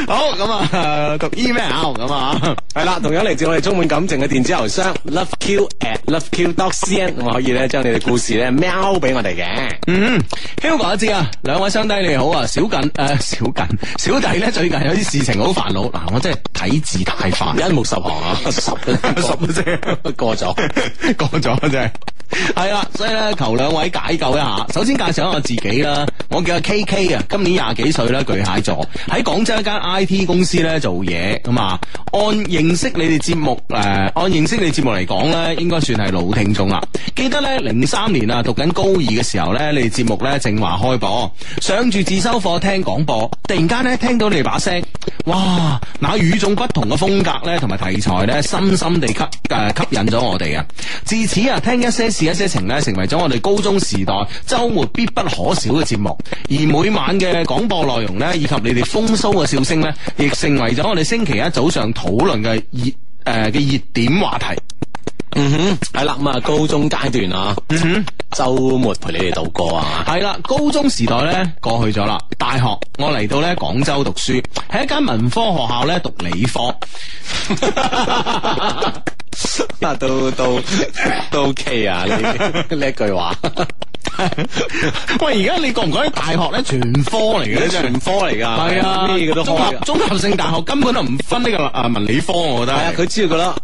好咁啊讀 email 咁啊，係啦、啊，同樣嚟自我哋充滿感情嘅電子郵箱 Love Q at Love Q dot C N，我可以咧將你哋故事咧喵 a 俾我哋嘅。 嗯，Hugo，知啊，兩位相弟你好啊，小緊誒、呃、小緊小弟咧最近有啲事情好煩惱，嗱我真係睇字太快，一目十行啊， 十十個過咗。過 咗真係，啦， 所以咧求兩位解救一下。首先介紹下我自己啦，我叫阿 K K 啊，今年廿幾歲啦，巨蟹座，喺廣州一間 I T 公司咧做嘢咁啊。按認識你哋節目誒，按認識你哋節目嚟講咧，應該算係老聽眾啦。記得咧零三年啊，讀緊高二嘅時候咧，你哋節目咧正話開播，上住自修課聽廣播，突然間咧聽到你哋把聲，哇，那與眾不同嘅風格咧，同埋題材咧，深深地吸誒吸引咗我哋啊，此日，啊，聽一些事、一些情咧，成為咗我哋高中時代周末必不可少嘅節目。而每晚嘅廣播內容咧，以及你哋風騷嘅笑聲咧，亦成為咗我哋星期一早上討論嘅熱誒嘅熱點話題。嗯哼，係啦，咁啊，高中階段啊，嗯哼，周末陪你哋度過啊。係啦，高中時代呢，過去咗啦。大學我嚟到呢廣州讀書，喺一間文科學校呢讀理科。 都都都 OK 啊！呢呢句話。喂，而家你覺唔覺得大學咧？全科嚟嘅，全科嚟噶。係啊，咩嘅都開。綜合性大學根本都唔分呢個啊文理科，我覺得。係啊，佢只要覺得，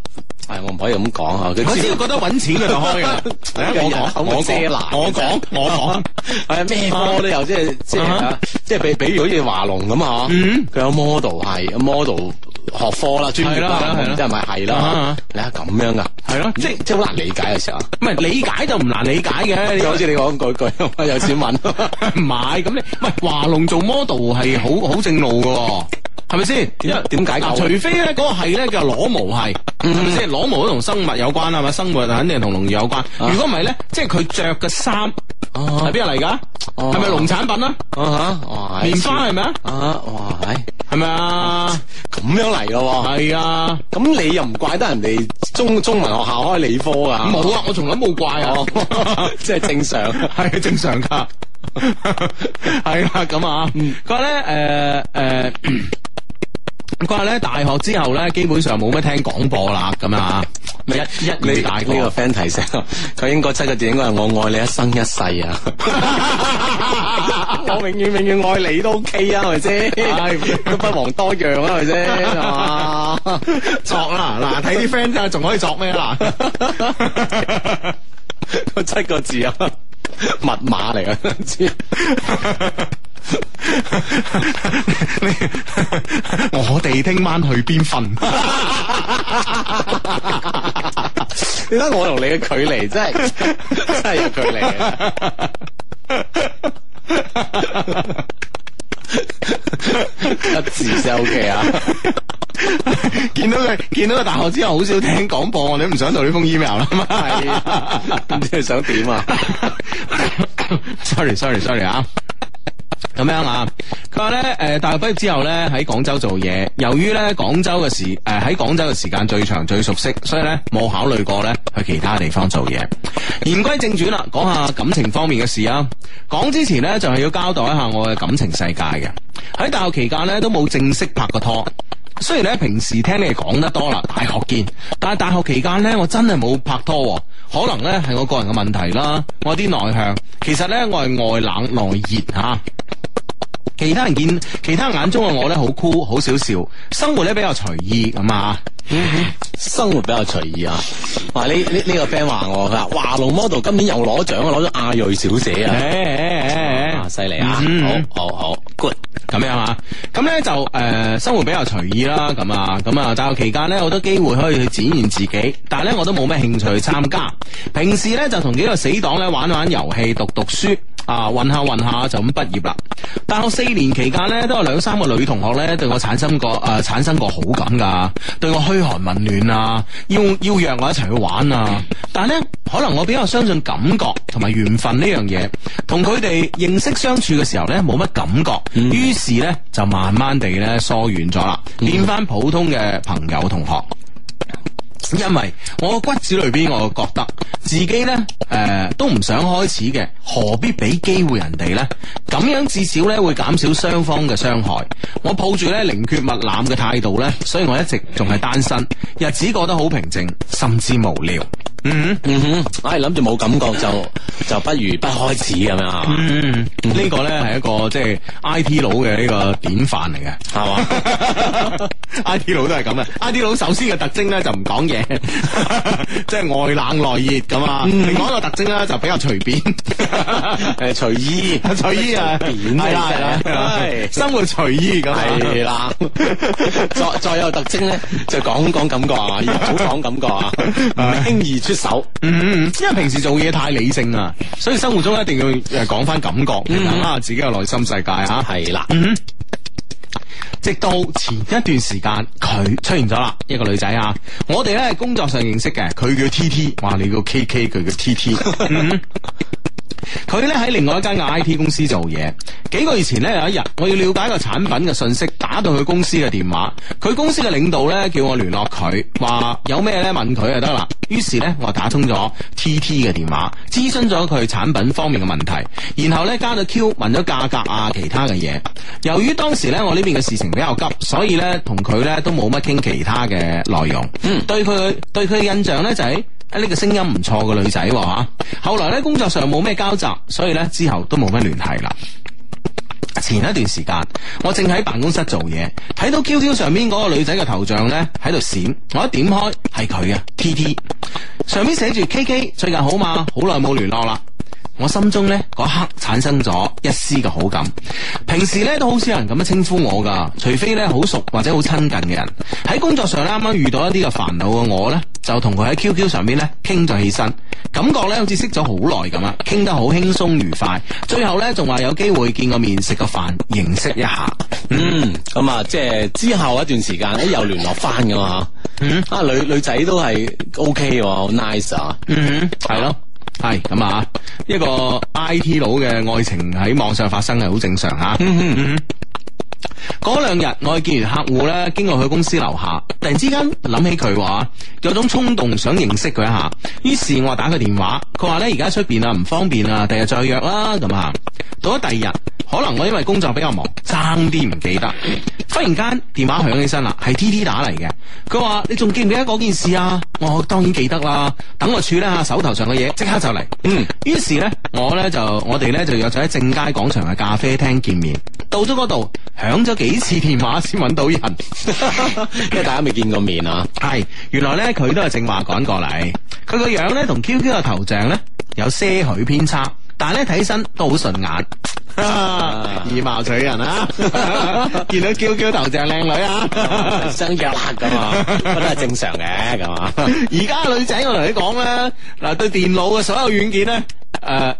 係我唔可以咁講啊。佢只要覺得搵錢佢就開嘅。我講我講我講我講。係啊，咩科都有，即係即係即係，比比如好似華農咁啊。嗯。佢有 model，係 model。學科啦，專業啦，咁即係咪係啦？你啊，咁樣噶，係咯，即係即係好難理解嘅時候。唔係理解就唔難理解嘅，就好似你講嗰句有錢揾唔買。咁你唔係華農做 model 係好好正路嘅，係咪先？點點解？除非咧嗰個係咧，叫裸模係，係咪先？裸模都同生物有關啦，係咪？生物肯定同農業有關。如果唔係咧，即係佢着嘅衫係邊度嚟噶？係咪農產品啊？棉花係咪啊？吓，哇，係，係咪啊？咁樣嚟咯，係啊！咁你又唔怪得人哋中中文學校開理科噶，冇啊！不啊我從來冇怪我，即係 正常，係 正常噶，係啦咁啊！佢話咧，誒誒、嗯。 佢話咧，大學之後咧，基本上冇乜聽廣播啦，咁啊吓。一一呢你個呢個 friend 提醒佢應該出嘅電影係《我愛你一生一世》啊， 我永遠永遠愛你都 OK 啊，係咪先？咁 不妨多樣啊，係咪先？作啦，嗱睇啲 friend 啊，仲可以作咩啊？個 七個字啊，密碼嚟噶， 我哋聽晚去邊瞓？ 你睇我同你嘅距離真係真係有距離 一次先 OK 啊！見到佢見到佢大學之後，好少聽廣播，我哋都唔想做呢封 email 啦嘛，唔知想點啊？Sorry，Sorry，Sorry 啊！ 咁樣啊，佢話咧，誒、呃，大學畢業之後咧喺廣州做嘢，由於咧廣州嘅時，誒喺廣州嘅時間最長最熟悉，所以咧冇考慮過咧去其他地方做嘢。言歸正傳啦，講下感情方面嘅事啊。講之前咧就係、是、要交代一下我嘅感情世界嘅。喺大學期間咧都冇正式拍過拖。雖然咧平時聽你哋講得多啦，大學見，但係大學期間咧，我真係冇拍拖，可能咧係我個人嘅問題啦。我啲內向，其實咧我係外冷內熱啊。其他人見，其他人眼中嘅我咧好酷，好少笑，生活咧比較隨意咁啊。生活比較隨意，嗯、哼較隨意啊。嗱，呢呢呢個 friend 話我，佢話華龍 model 今年又攞獎，攞咗亞瑞小姐啊、欸欸欸。啊，犀利啊！好好好，好，good。咁樣啊，咁咧就誒、呃、生活比較隨意啦，咁啊，咁啊，大學期間咧好多機會可以去展現自己，但係咧我都冇咩興趣去參加。平時咧就同幾個死黨咧玩玩遊戲、讀讀書，啊，混下混下就咁畢業啦。大學四年期間咧，都有兩三個女同學咧對我產生過誒、呃、產生過好感噶，對我噓寒問暖啊，要要約我一齊去玩啊。但係咧可能我比較相信感覺同埋緣分呢樣嘢，同佢哋認識相處嘅時候咧冇乜感覺，於、嗯。事咧就慢慢地咧疏遠咗啦，變翻普通嘅朋友同學。因為我骨子裏邊，我覺得自己咧誒、呃、都唔想開始嘅。何必俾機會人哋咧？咁樣至少咧會減少雙方嘅傷害。我抱住咧寧缺勿濫嘅態度咧，所以我一直仲係單身，日子過得好平靜，甚至無聊。嗯哼，嗯哼，我係諗住冇感覺就就不如不開始咁樣啊。嗯嗯哼，呢個咧係一個即係、就是、IT 佬嘅呢個典範嚟嘅，係嘛吧 ？IT 佬都係咁嘅。IT 佬首先嘅特徵咧就唔講嘢，即 係外冷內熱咁啊。另外一個特徵咧就比較隨便。 誒，隨意隨意啊，係啦係，生活隨意咁係啦。再再有特徵咧，就講講感覺啊，好講感覺啊，唔輕易出手。嗯嗯，因為平時做嘢太理性啦，所以生活中一定要誒講翻感覺，等下自己嘅內心世界啊。係啦，嗯，直到前一段時間，佢出現咗啦，一個女仔啊。我哋咧係工作上認識嘅，佢叫 T T，哇，你個 K K，佢叫 T T。佢咧喺另外一間嘅 I T 公司做嘢。幾個月前咧有一日，我要了解個產品嘅信息，打到佢公司嘅電話，佢公司嘅領導咧叫我聯絡佢，話有咩咧問佢就得啦。於是呢，我打通咗 T T 嘅電話，諮詢咗佢產品方面嘅問題，然後呢，加咗 Q，問咗價格啊其他嘅嘢。由於當時呢，我呢邊嘅事情比較急，所以呢，同佢呢都冇乜傾其他嘅內容。嗯，對佢對佢嘅印象呢，就係呢個聲音唔錯嘅女仔、啊，吓後來咧工作上冇咩交集，所以咧之後都冇乜聯繫啦。前一段時間，我正喺辦公室做嘢，睇到 QQ 上面嗰個女仔嘅頭像咧喺度閃，我一點開係佢嘅 TT，上面寫住 KK 最近好嗎？好耐冇聯絡啦。我心中咧嗰刻產生咗一絲嘅好感，平時咧都好少人咁樣稱呼我噶，除非咧好熟或者好親近嘅人。喺工作上啱啱遇到一啲嘅煩惱嘅我咧，就同佢喺 QQ 上邊咧傾咗起身，感覺咧好似識咗好耐咁啊，傾得好輕鬆愉快。最後咧仲話有機會見個面食個飯認識一下。嗯，咁啊、嗯，即係之後一段時間咧又聯絡翻噶嘛。嗯，啊女女仔都係 OK 嘅，好 nice 啊。嗯哼，係咯。係咁啊，一個 I T 佬嘅愛情喺網上發生係好正常吓。嗰兩日我去見完客戶咧，經過佢公司樓下，突然之間諗起佢話，有種衝動想認識佢一下，於是我打佢電話，佢話咧而家出邊啊，唔方便啊，第日再約啦咁啊。到咗第二日，可能我因為工作比較忙。生啲唔記得，忽然間電話響起身啦，係 T T 打嚟嘅。佢話：你仲記唔記得嗰件事啊？我、哦、當然記得啦。等我處理下手頭上嘅嘢，即刻就嚟。嗯，於是咧，我咧就我哋咧就約咗喺正佳廣場嘅咖啡廳見面。到咗嗰度，響咗幾次電話先搵到人，因為 大家未見過面啊。係，原來咧佢都係正話趕過嚟。佢個樣咧同 Q Q 嘅頭像咧有些許偏差，但係咧睇起身都好順眼。以貌、啊、取人啊！啊見到 QQ 頭像靚女啊，相約啦咁啊， 都係正常嘅，咁 啊！而家 女仔我同你講啦，嗱對電腦嘅所有軟件咧，誒、呃。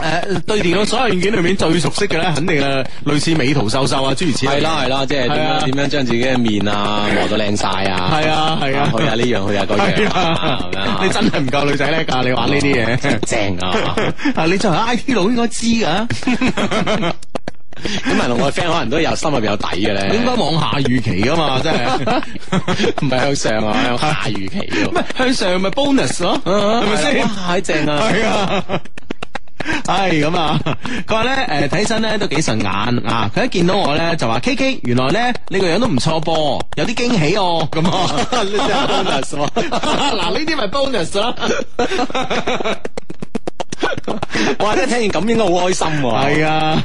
誒，對電腦所有軟件裏面最熟悉嘅咧，肯定啦，類似美圖秀秀啊，諸如此類。係啦係啦，即係點樣點樣將自己嘅面啊磨到靚晒啊！係啊係啊，去下呢樣去下嗰樣。你真係唔夠女仔叻噶！你玩呢啲嘢，正啊！你作為 I T 佬應該知噶。咁啊，同我 friend 可能都有心入邊有底嘅咧。應該往下預期噶嘛，真係唔係向上啊，下預期。向上咪 bonus 咯，係咪先？太正啦！係啊。係咁、哎、啊！佢話咧，誒、呃、睇起身咧都幾順眼啊！佢一見到我咧就話 K K，原來咧你個樣都唔錯噃，有啲驚喜哦咁啊！呢啲係 bonus 啦，嗱呢啲咪 bonus 啦！哇，真係聽見咁應該好開心喎！係啊。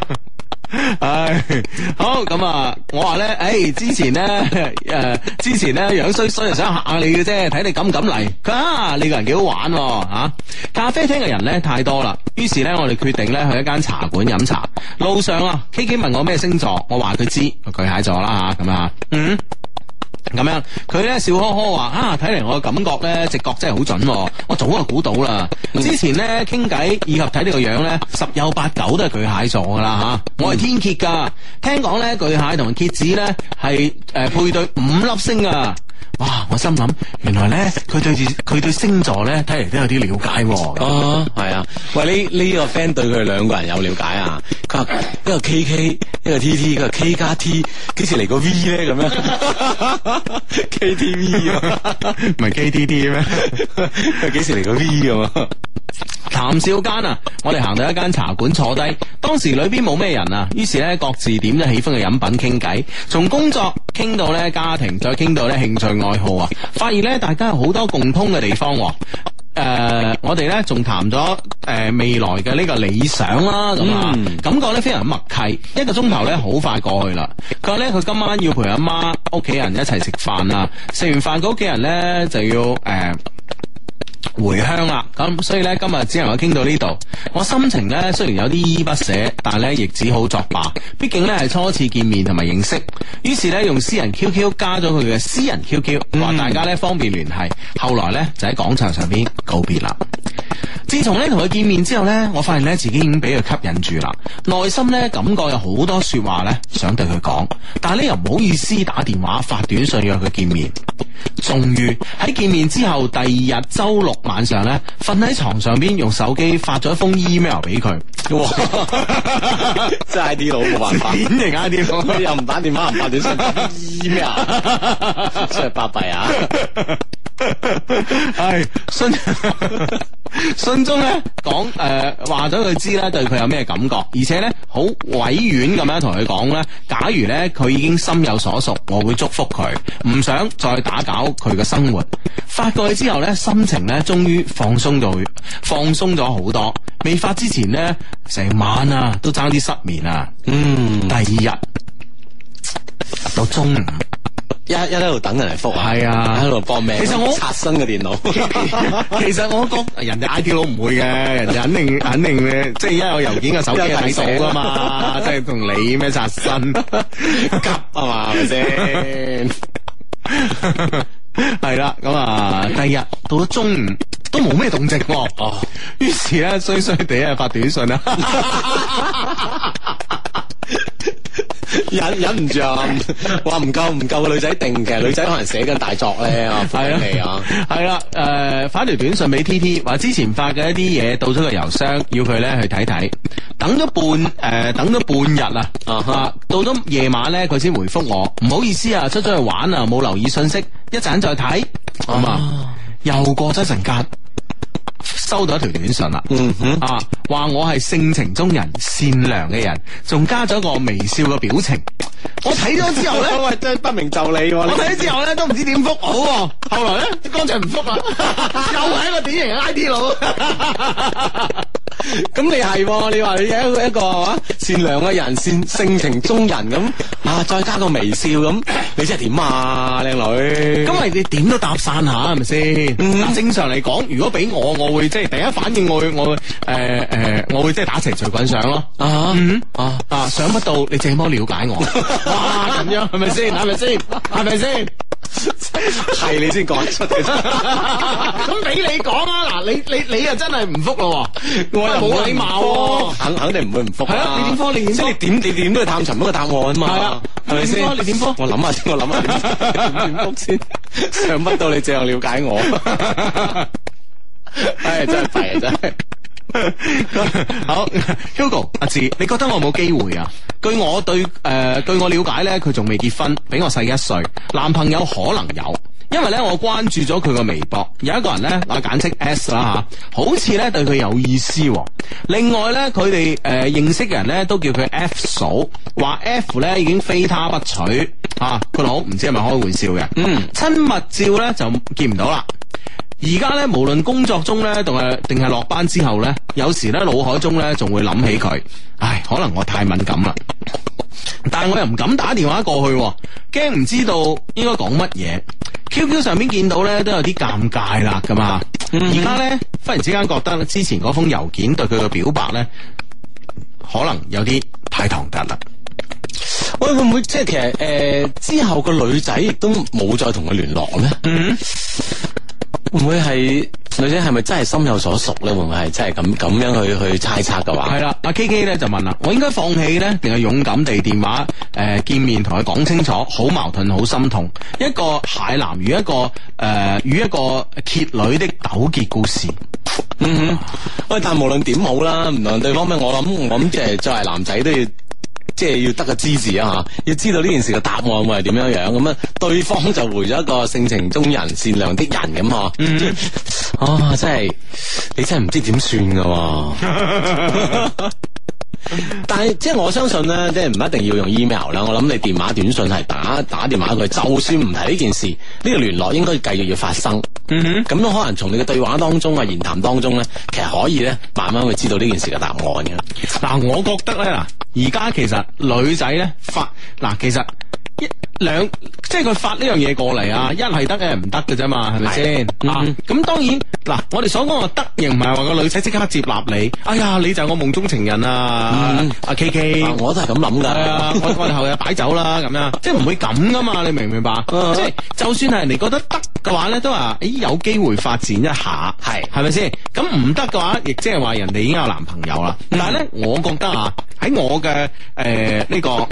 唉、哎，好咁啊！我話咧，誒、欸，之前咧，誒、呃，之前咧，樣衰衰啊，想吓你嘅啫，睇你敢唔敢嚟？佢話，啊，你個人幾好玩喎、哦，吓、啊！咖啡廳嘅人咧太多啦，於是咧，我哋決定咧去一間茶館飲茶。路上啊，K K 問我咩星座，我話佢知巨蟹座啦吓，咁啊，嗯。咁樣，佢咧笑呵呵話：啊，睇嚟我嘅感覺咧，直覺真係好準，啊，我早就估到啦。之前咧傾偈以及睇呢個樣咧，十有八九都係巨蟹座噶啦嚇。啊嗯，我係天蠍噶，聽講咧巨蟹同埋蠍子咧係誒配對五粒星啊。哇！我心諗，原來咧佢對住佢對星座咧睇嚟都有啲了解喎。啊，係、哦、啊。喂，呢呢、這個 friend 對佢哋兩個人有了解啊？佢話一,一,一個 K K，一個 T T，佢話 K 加 T 幾時嚟個 V 咧咁樣？ KTV 啊，唔係 KDD 咩？係 幾時嚟個 V 噶？啊，談笑間啊，我哋行到一間茶館坐低，當時裏邊冇咩人啊，於是咧各自點咗喜歡嘅飲品傾偈。從工作傾到咧家庭，再傾到咧興趣愛好啊，發現咧大家有好多共通嘅地方。誒、呃，我哋咧仲談咗誒未來嘅呢個理想啦，咁啊、嗯，感覺咧非常默契。一個鐘頭咧好快過去啦，佢話咧佢今晚要陪阿媽屋企人一齊食飯啊，食完飯個屋企人咧就要誒。呃回鄉啦，咁所以呢，今日只能夠傾到呢度。我心情呢，雖然有啲依依不捨，但呢亦只好作罷。畢竟呢係初次見面同埋認識，於是呢，用私人 QQ 加咗佢嘅私人 QQ，話大家呢方便聯繫。後來呢，就喺廣場上邊告別啦。自從咧同佢見面之後咧，我發現咧自己已經俾佢吸引住啦，內心咧感覺有好多說話咧想對佢講，但係咧又唔好意思打電話發短信約佢見面。終於喺見面之後第二日周六晚上咧，瞓喺床上邊用手機發咗一封 email 俾佢。哇，真係啲佬冇辦法，點嚟解啲？ 又唔打電話，唔發短信 email？真係巴閉啊！係、 哎、信 信中咧講誒，話咗佢知啦，呃、他對佢有咩感覺，而且咧好委婉咁樣同佢講咧。假如咧佢已經心有所屬，我會祝福佢，唔想再打攪佢嘅生活。發過去之後咧，心情咧終於放鬆到放鬆咗好多。未發之前咧，成晚啊都爭啲失眠啊。嗯，第二日到中午。一一喺度等人嚟覆，係啊，喺度搏命。其實我刷新嘅電腦，其實我覺人哋 I T 佬唔會嘅，人哋肯定肯定咧，即係因為我郵件嘅手機係睇到㗎嘛，即係同你咩刷新急啊嘛，係咪先？係啦，咁啊，第二日到咗中午都冇咩動靜，哦，於是咧衰衰哋啊發短信啦。忍忍唔住啊！話唔夠唔夠女仔定嘅，女仔可能寫緊大作咧啊！翻嚟啊，係啦，誒發條短信俾 T T，話之前發嘅一啲嘢到咗個郵箱，要佢咧去睇睇。等咗半誒、呃，等咗半日啊！啊、uh，huh. 到咗夜晚咧，佢先回覆我。唔好意思啊，出咗去玩啊，冇留意信息，一陣再睇。好嘛、uh. 啊？又過咗一陣間。收到一條短信啦，嗯、哼啊，話我係性情中人，善良嘅人，仲加咗個微笑嘅表情。我睇咗之後咧， 真係不明就理啊。我睇咗之後咧，都唔知點覆好。 後來咧，乾脆唔覆啊！ 又係一個典型嘅 ID 佬。 咁你係，你話你有一個係善良嘅人，善性情中人咁啊，再加個微笑咁、嗯，你真係點啊，靚、嗯、女？咁咪你點都搭訕下係咪先？嗱，正常嚟講，如果俾我，我會即係第一反應，我會我誒誒，我會即係打情趣滾上咯啊啊啊！想不到你這麼了解我、啊，咁 樣係咪先？係咪先？係咪先？是係 你先講，嘅啫咁俾你講啊！嗱，你你你又真係唔覆咯？我又冇禮貌， 肯肯定唔會唔覆係 啊，你，你，你點覆？你點覆？即係點點點都要探尋一個答案啊嘛。係啊，係咪先？你點覆？我諗下 先，我諗下點點覆先。諗唔到你最了解我，唉、 哎，真係廢啊，真係。真 好，Hugo 阿志，你覺得我冇機會啊？據我對誒、呃、據我了解呢，佢仲未結婚，比我細一歲，男朋友可能有，因為呢，我關注咗佢個微博，有一個人呢，我簡稱 S 啦、啊、吓，好似呢對佢有意思、啊。另外呢，佢哋誒認識嘅人呢都叫佢 F 嫂，話 F 呢已經非他不娶啊。佢老唔知係咪開玩笑嘅？嗯，親密照呢就見唔到啦。而家咧，無論工作中咧，定係定係落班之後咧，有時咧，腦海中咧，仲會諗起佢。唉，可能我太敏感啦，但係我又唔敢打電話過去，驚唔知道應該講乜嘢。QQ 上面見到咧，都有啲尷尬啦，咁啊、mm。而家咧，忽然之間覺得咧，之前嗰封郵件對佢嘅表白咧，可能有啲太唐突啦。喂，會唔會即係其實誒、呃、之後個女仔亦都冇再同佢聯絡咧？Mm hmm. 會唔會係女仔係咪真係心有所屬咧？會唔會係真係咁咁樣去去猜測嘅話？係啦，阿 K K 咧就問啦：我應該放棄咧，定係勇敢地電話誒、呃、見面同佢講清楚？好矛盾，好心痛。一個蟹男與一個誒與、呃、一個蠍女的糾結故事。嗯哼，喂！但無論點好啦，無論對方咩，我諗我諗即係作為男仔都要。即係要得個支持啊！嗬，要知道呢件事嘅答案會係點樣樣咁啊？對方就回咗一個性情中人、善良的人咁啊。啊！Mm hmm. 啊，真係你真係唔知點算噶喎。 但係即係我相信咧，即係唔一定要用 email 啦。我諗你電話短信係打打電話佢，就算唔提呢件事，呢個聯絡應該繼續要發生。嗯哼，咁都可能從你嘅對話當中啊，言談當中咧，其實可以咧，慢慢去知道呢件事嘅答案嘅。嗱，我覺得咧，嗱，而家其實女仔咧發嗱，其實。一兩，即係佢發呢樣嘢過嚟啊！一係得嘅，唔得嘅啫嘛，係咪先？咁當然，嗱，我哋所講話得，亦唔係話個女仔即刻接納你。哎呀，你就係我夢中情人啊！阿 KK，我都係咁諗噶，我我後日擺酒啦，咁樣，即係唔會咁噶嘛，你明唔明白？即係就算係人哋覺得得嘅話咧，都話，誒，有機會發展一下，係，係咪先？咁唔得嘅話，亦即係話人哋已經有男朋友啦。但係，咧，我覺得啊，喺我嘅誒呢個。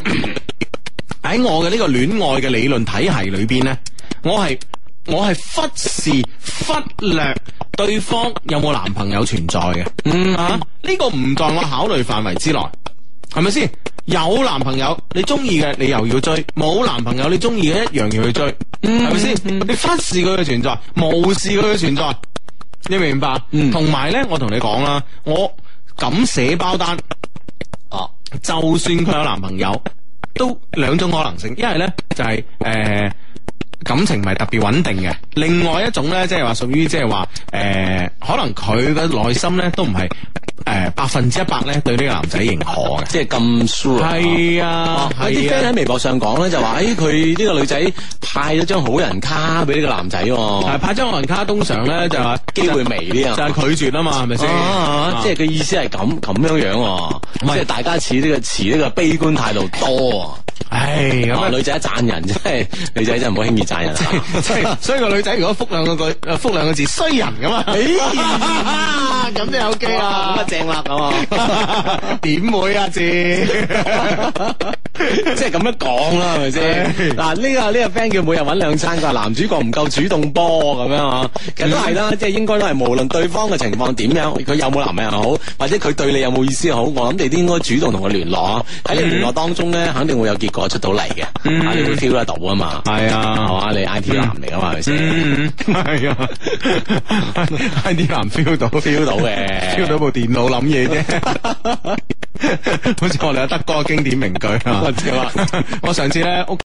喺我嘅呢個戀愛嘅理論體系裏邊呢，我係我係忽視忽略對方有冇男朋友存在嘅，嗯啊，呢個唔在我考慮範圍之內，係咪先？有男朋友你中意嘅你又要追，冇男朋友你中意嘅一樣要去追，係咪先？吧嗯、你忽視佢嘅存在，無視佢嘅存在，你明唔明白？同埋、嗯、呢，我同你講啦，我敢寫包單，啊，就算佢有男朋友。都兩種可能性，一係咧就係、是、誒。呃感情唔係特別穩定嘅。另外一種咧，即係話屬於即係話，誒，可能佢嘅內心咧都唔係誒百分之一百咧對呢個男仔認可嘅，即係咁 sure 係啊，啲 friend 喺微博上講咧就話，誒，佢呢個女仔派咗張好人卡俾呢個男仔，但派張好人卡通常咧就話機會微啲啊，就係拒絕啊嘛，係咪先？即係佢意思係咁咁樣樣，即係大家似呢個持呢個悲觀態度多。啊。唉，女仔一讚人即係，女仔真係唔好輕易。衰人，所以個女仔如果覆兩個句，覆兩個字衰人咁啊？咁都有 k 啦，正啦， 咁啊，點會啊？字，即係咁樣講啦，係咪先？嗱，呢個呢個 friend 叫每日搵兩餐，佢男主角唔夠主動波咁樣啊。其實都係啦，即係 應該都係，無論對方嘅情況點樣，佢有冇男朋友好，或者佢對你有冇意思好，我諗哋都應該主動同佢聯絡啊。喺你聯絡當中咧， 肯定會有結果出到嚟嘅，你都 feel 得到啊嘛。係啊。 嗯你 IT 啊！你 I T 男嚟噶嘛？係咪先？嗯嗯嗯，係啊！I T 男 feel 到 feel 到嘅，feel 到部電腦諗嘢啫。好似我哋阿德哥經典名句啊。我 知 我上次咧屋。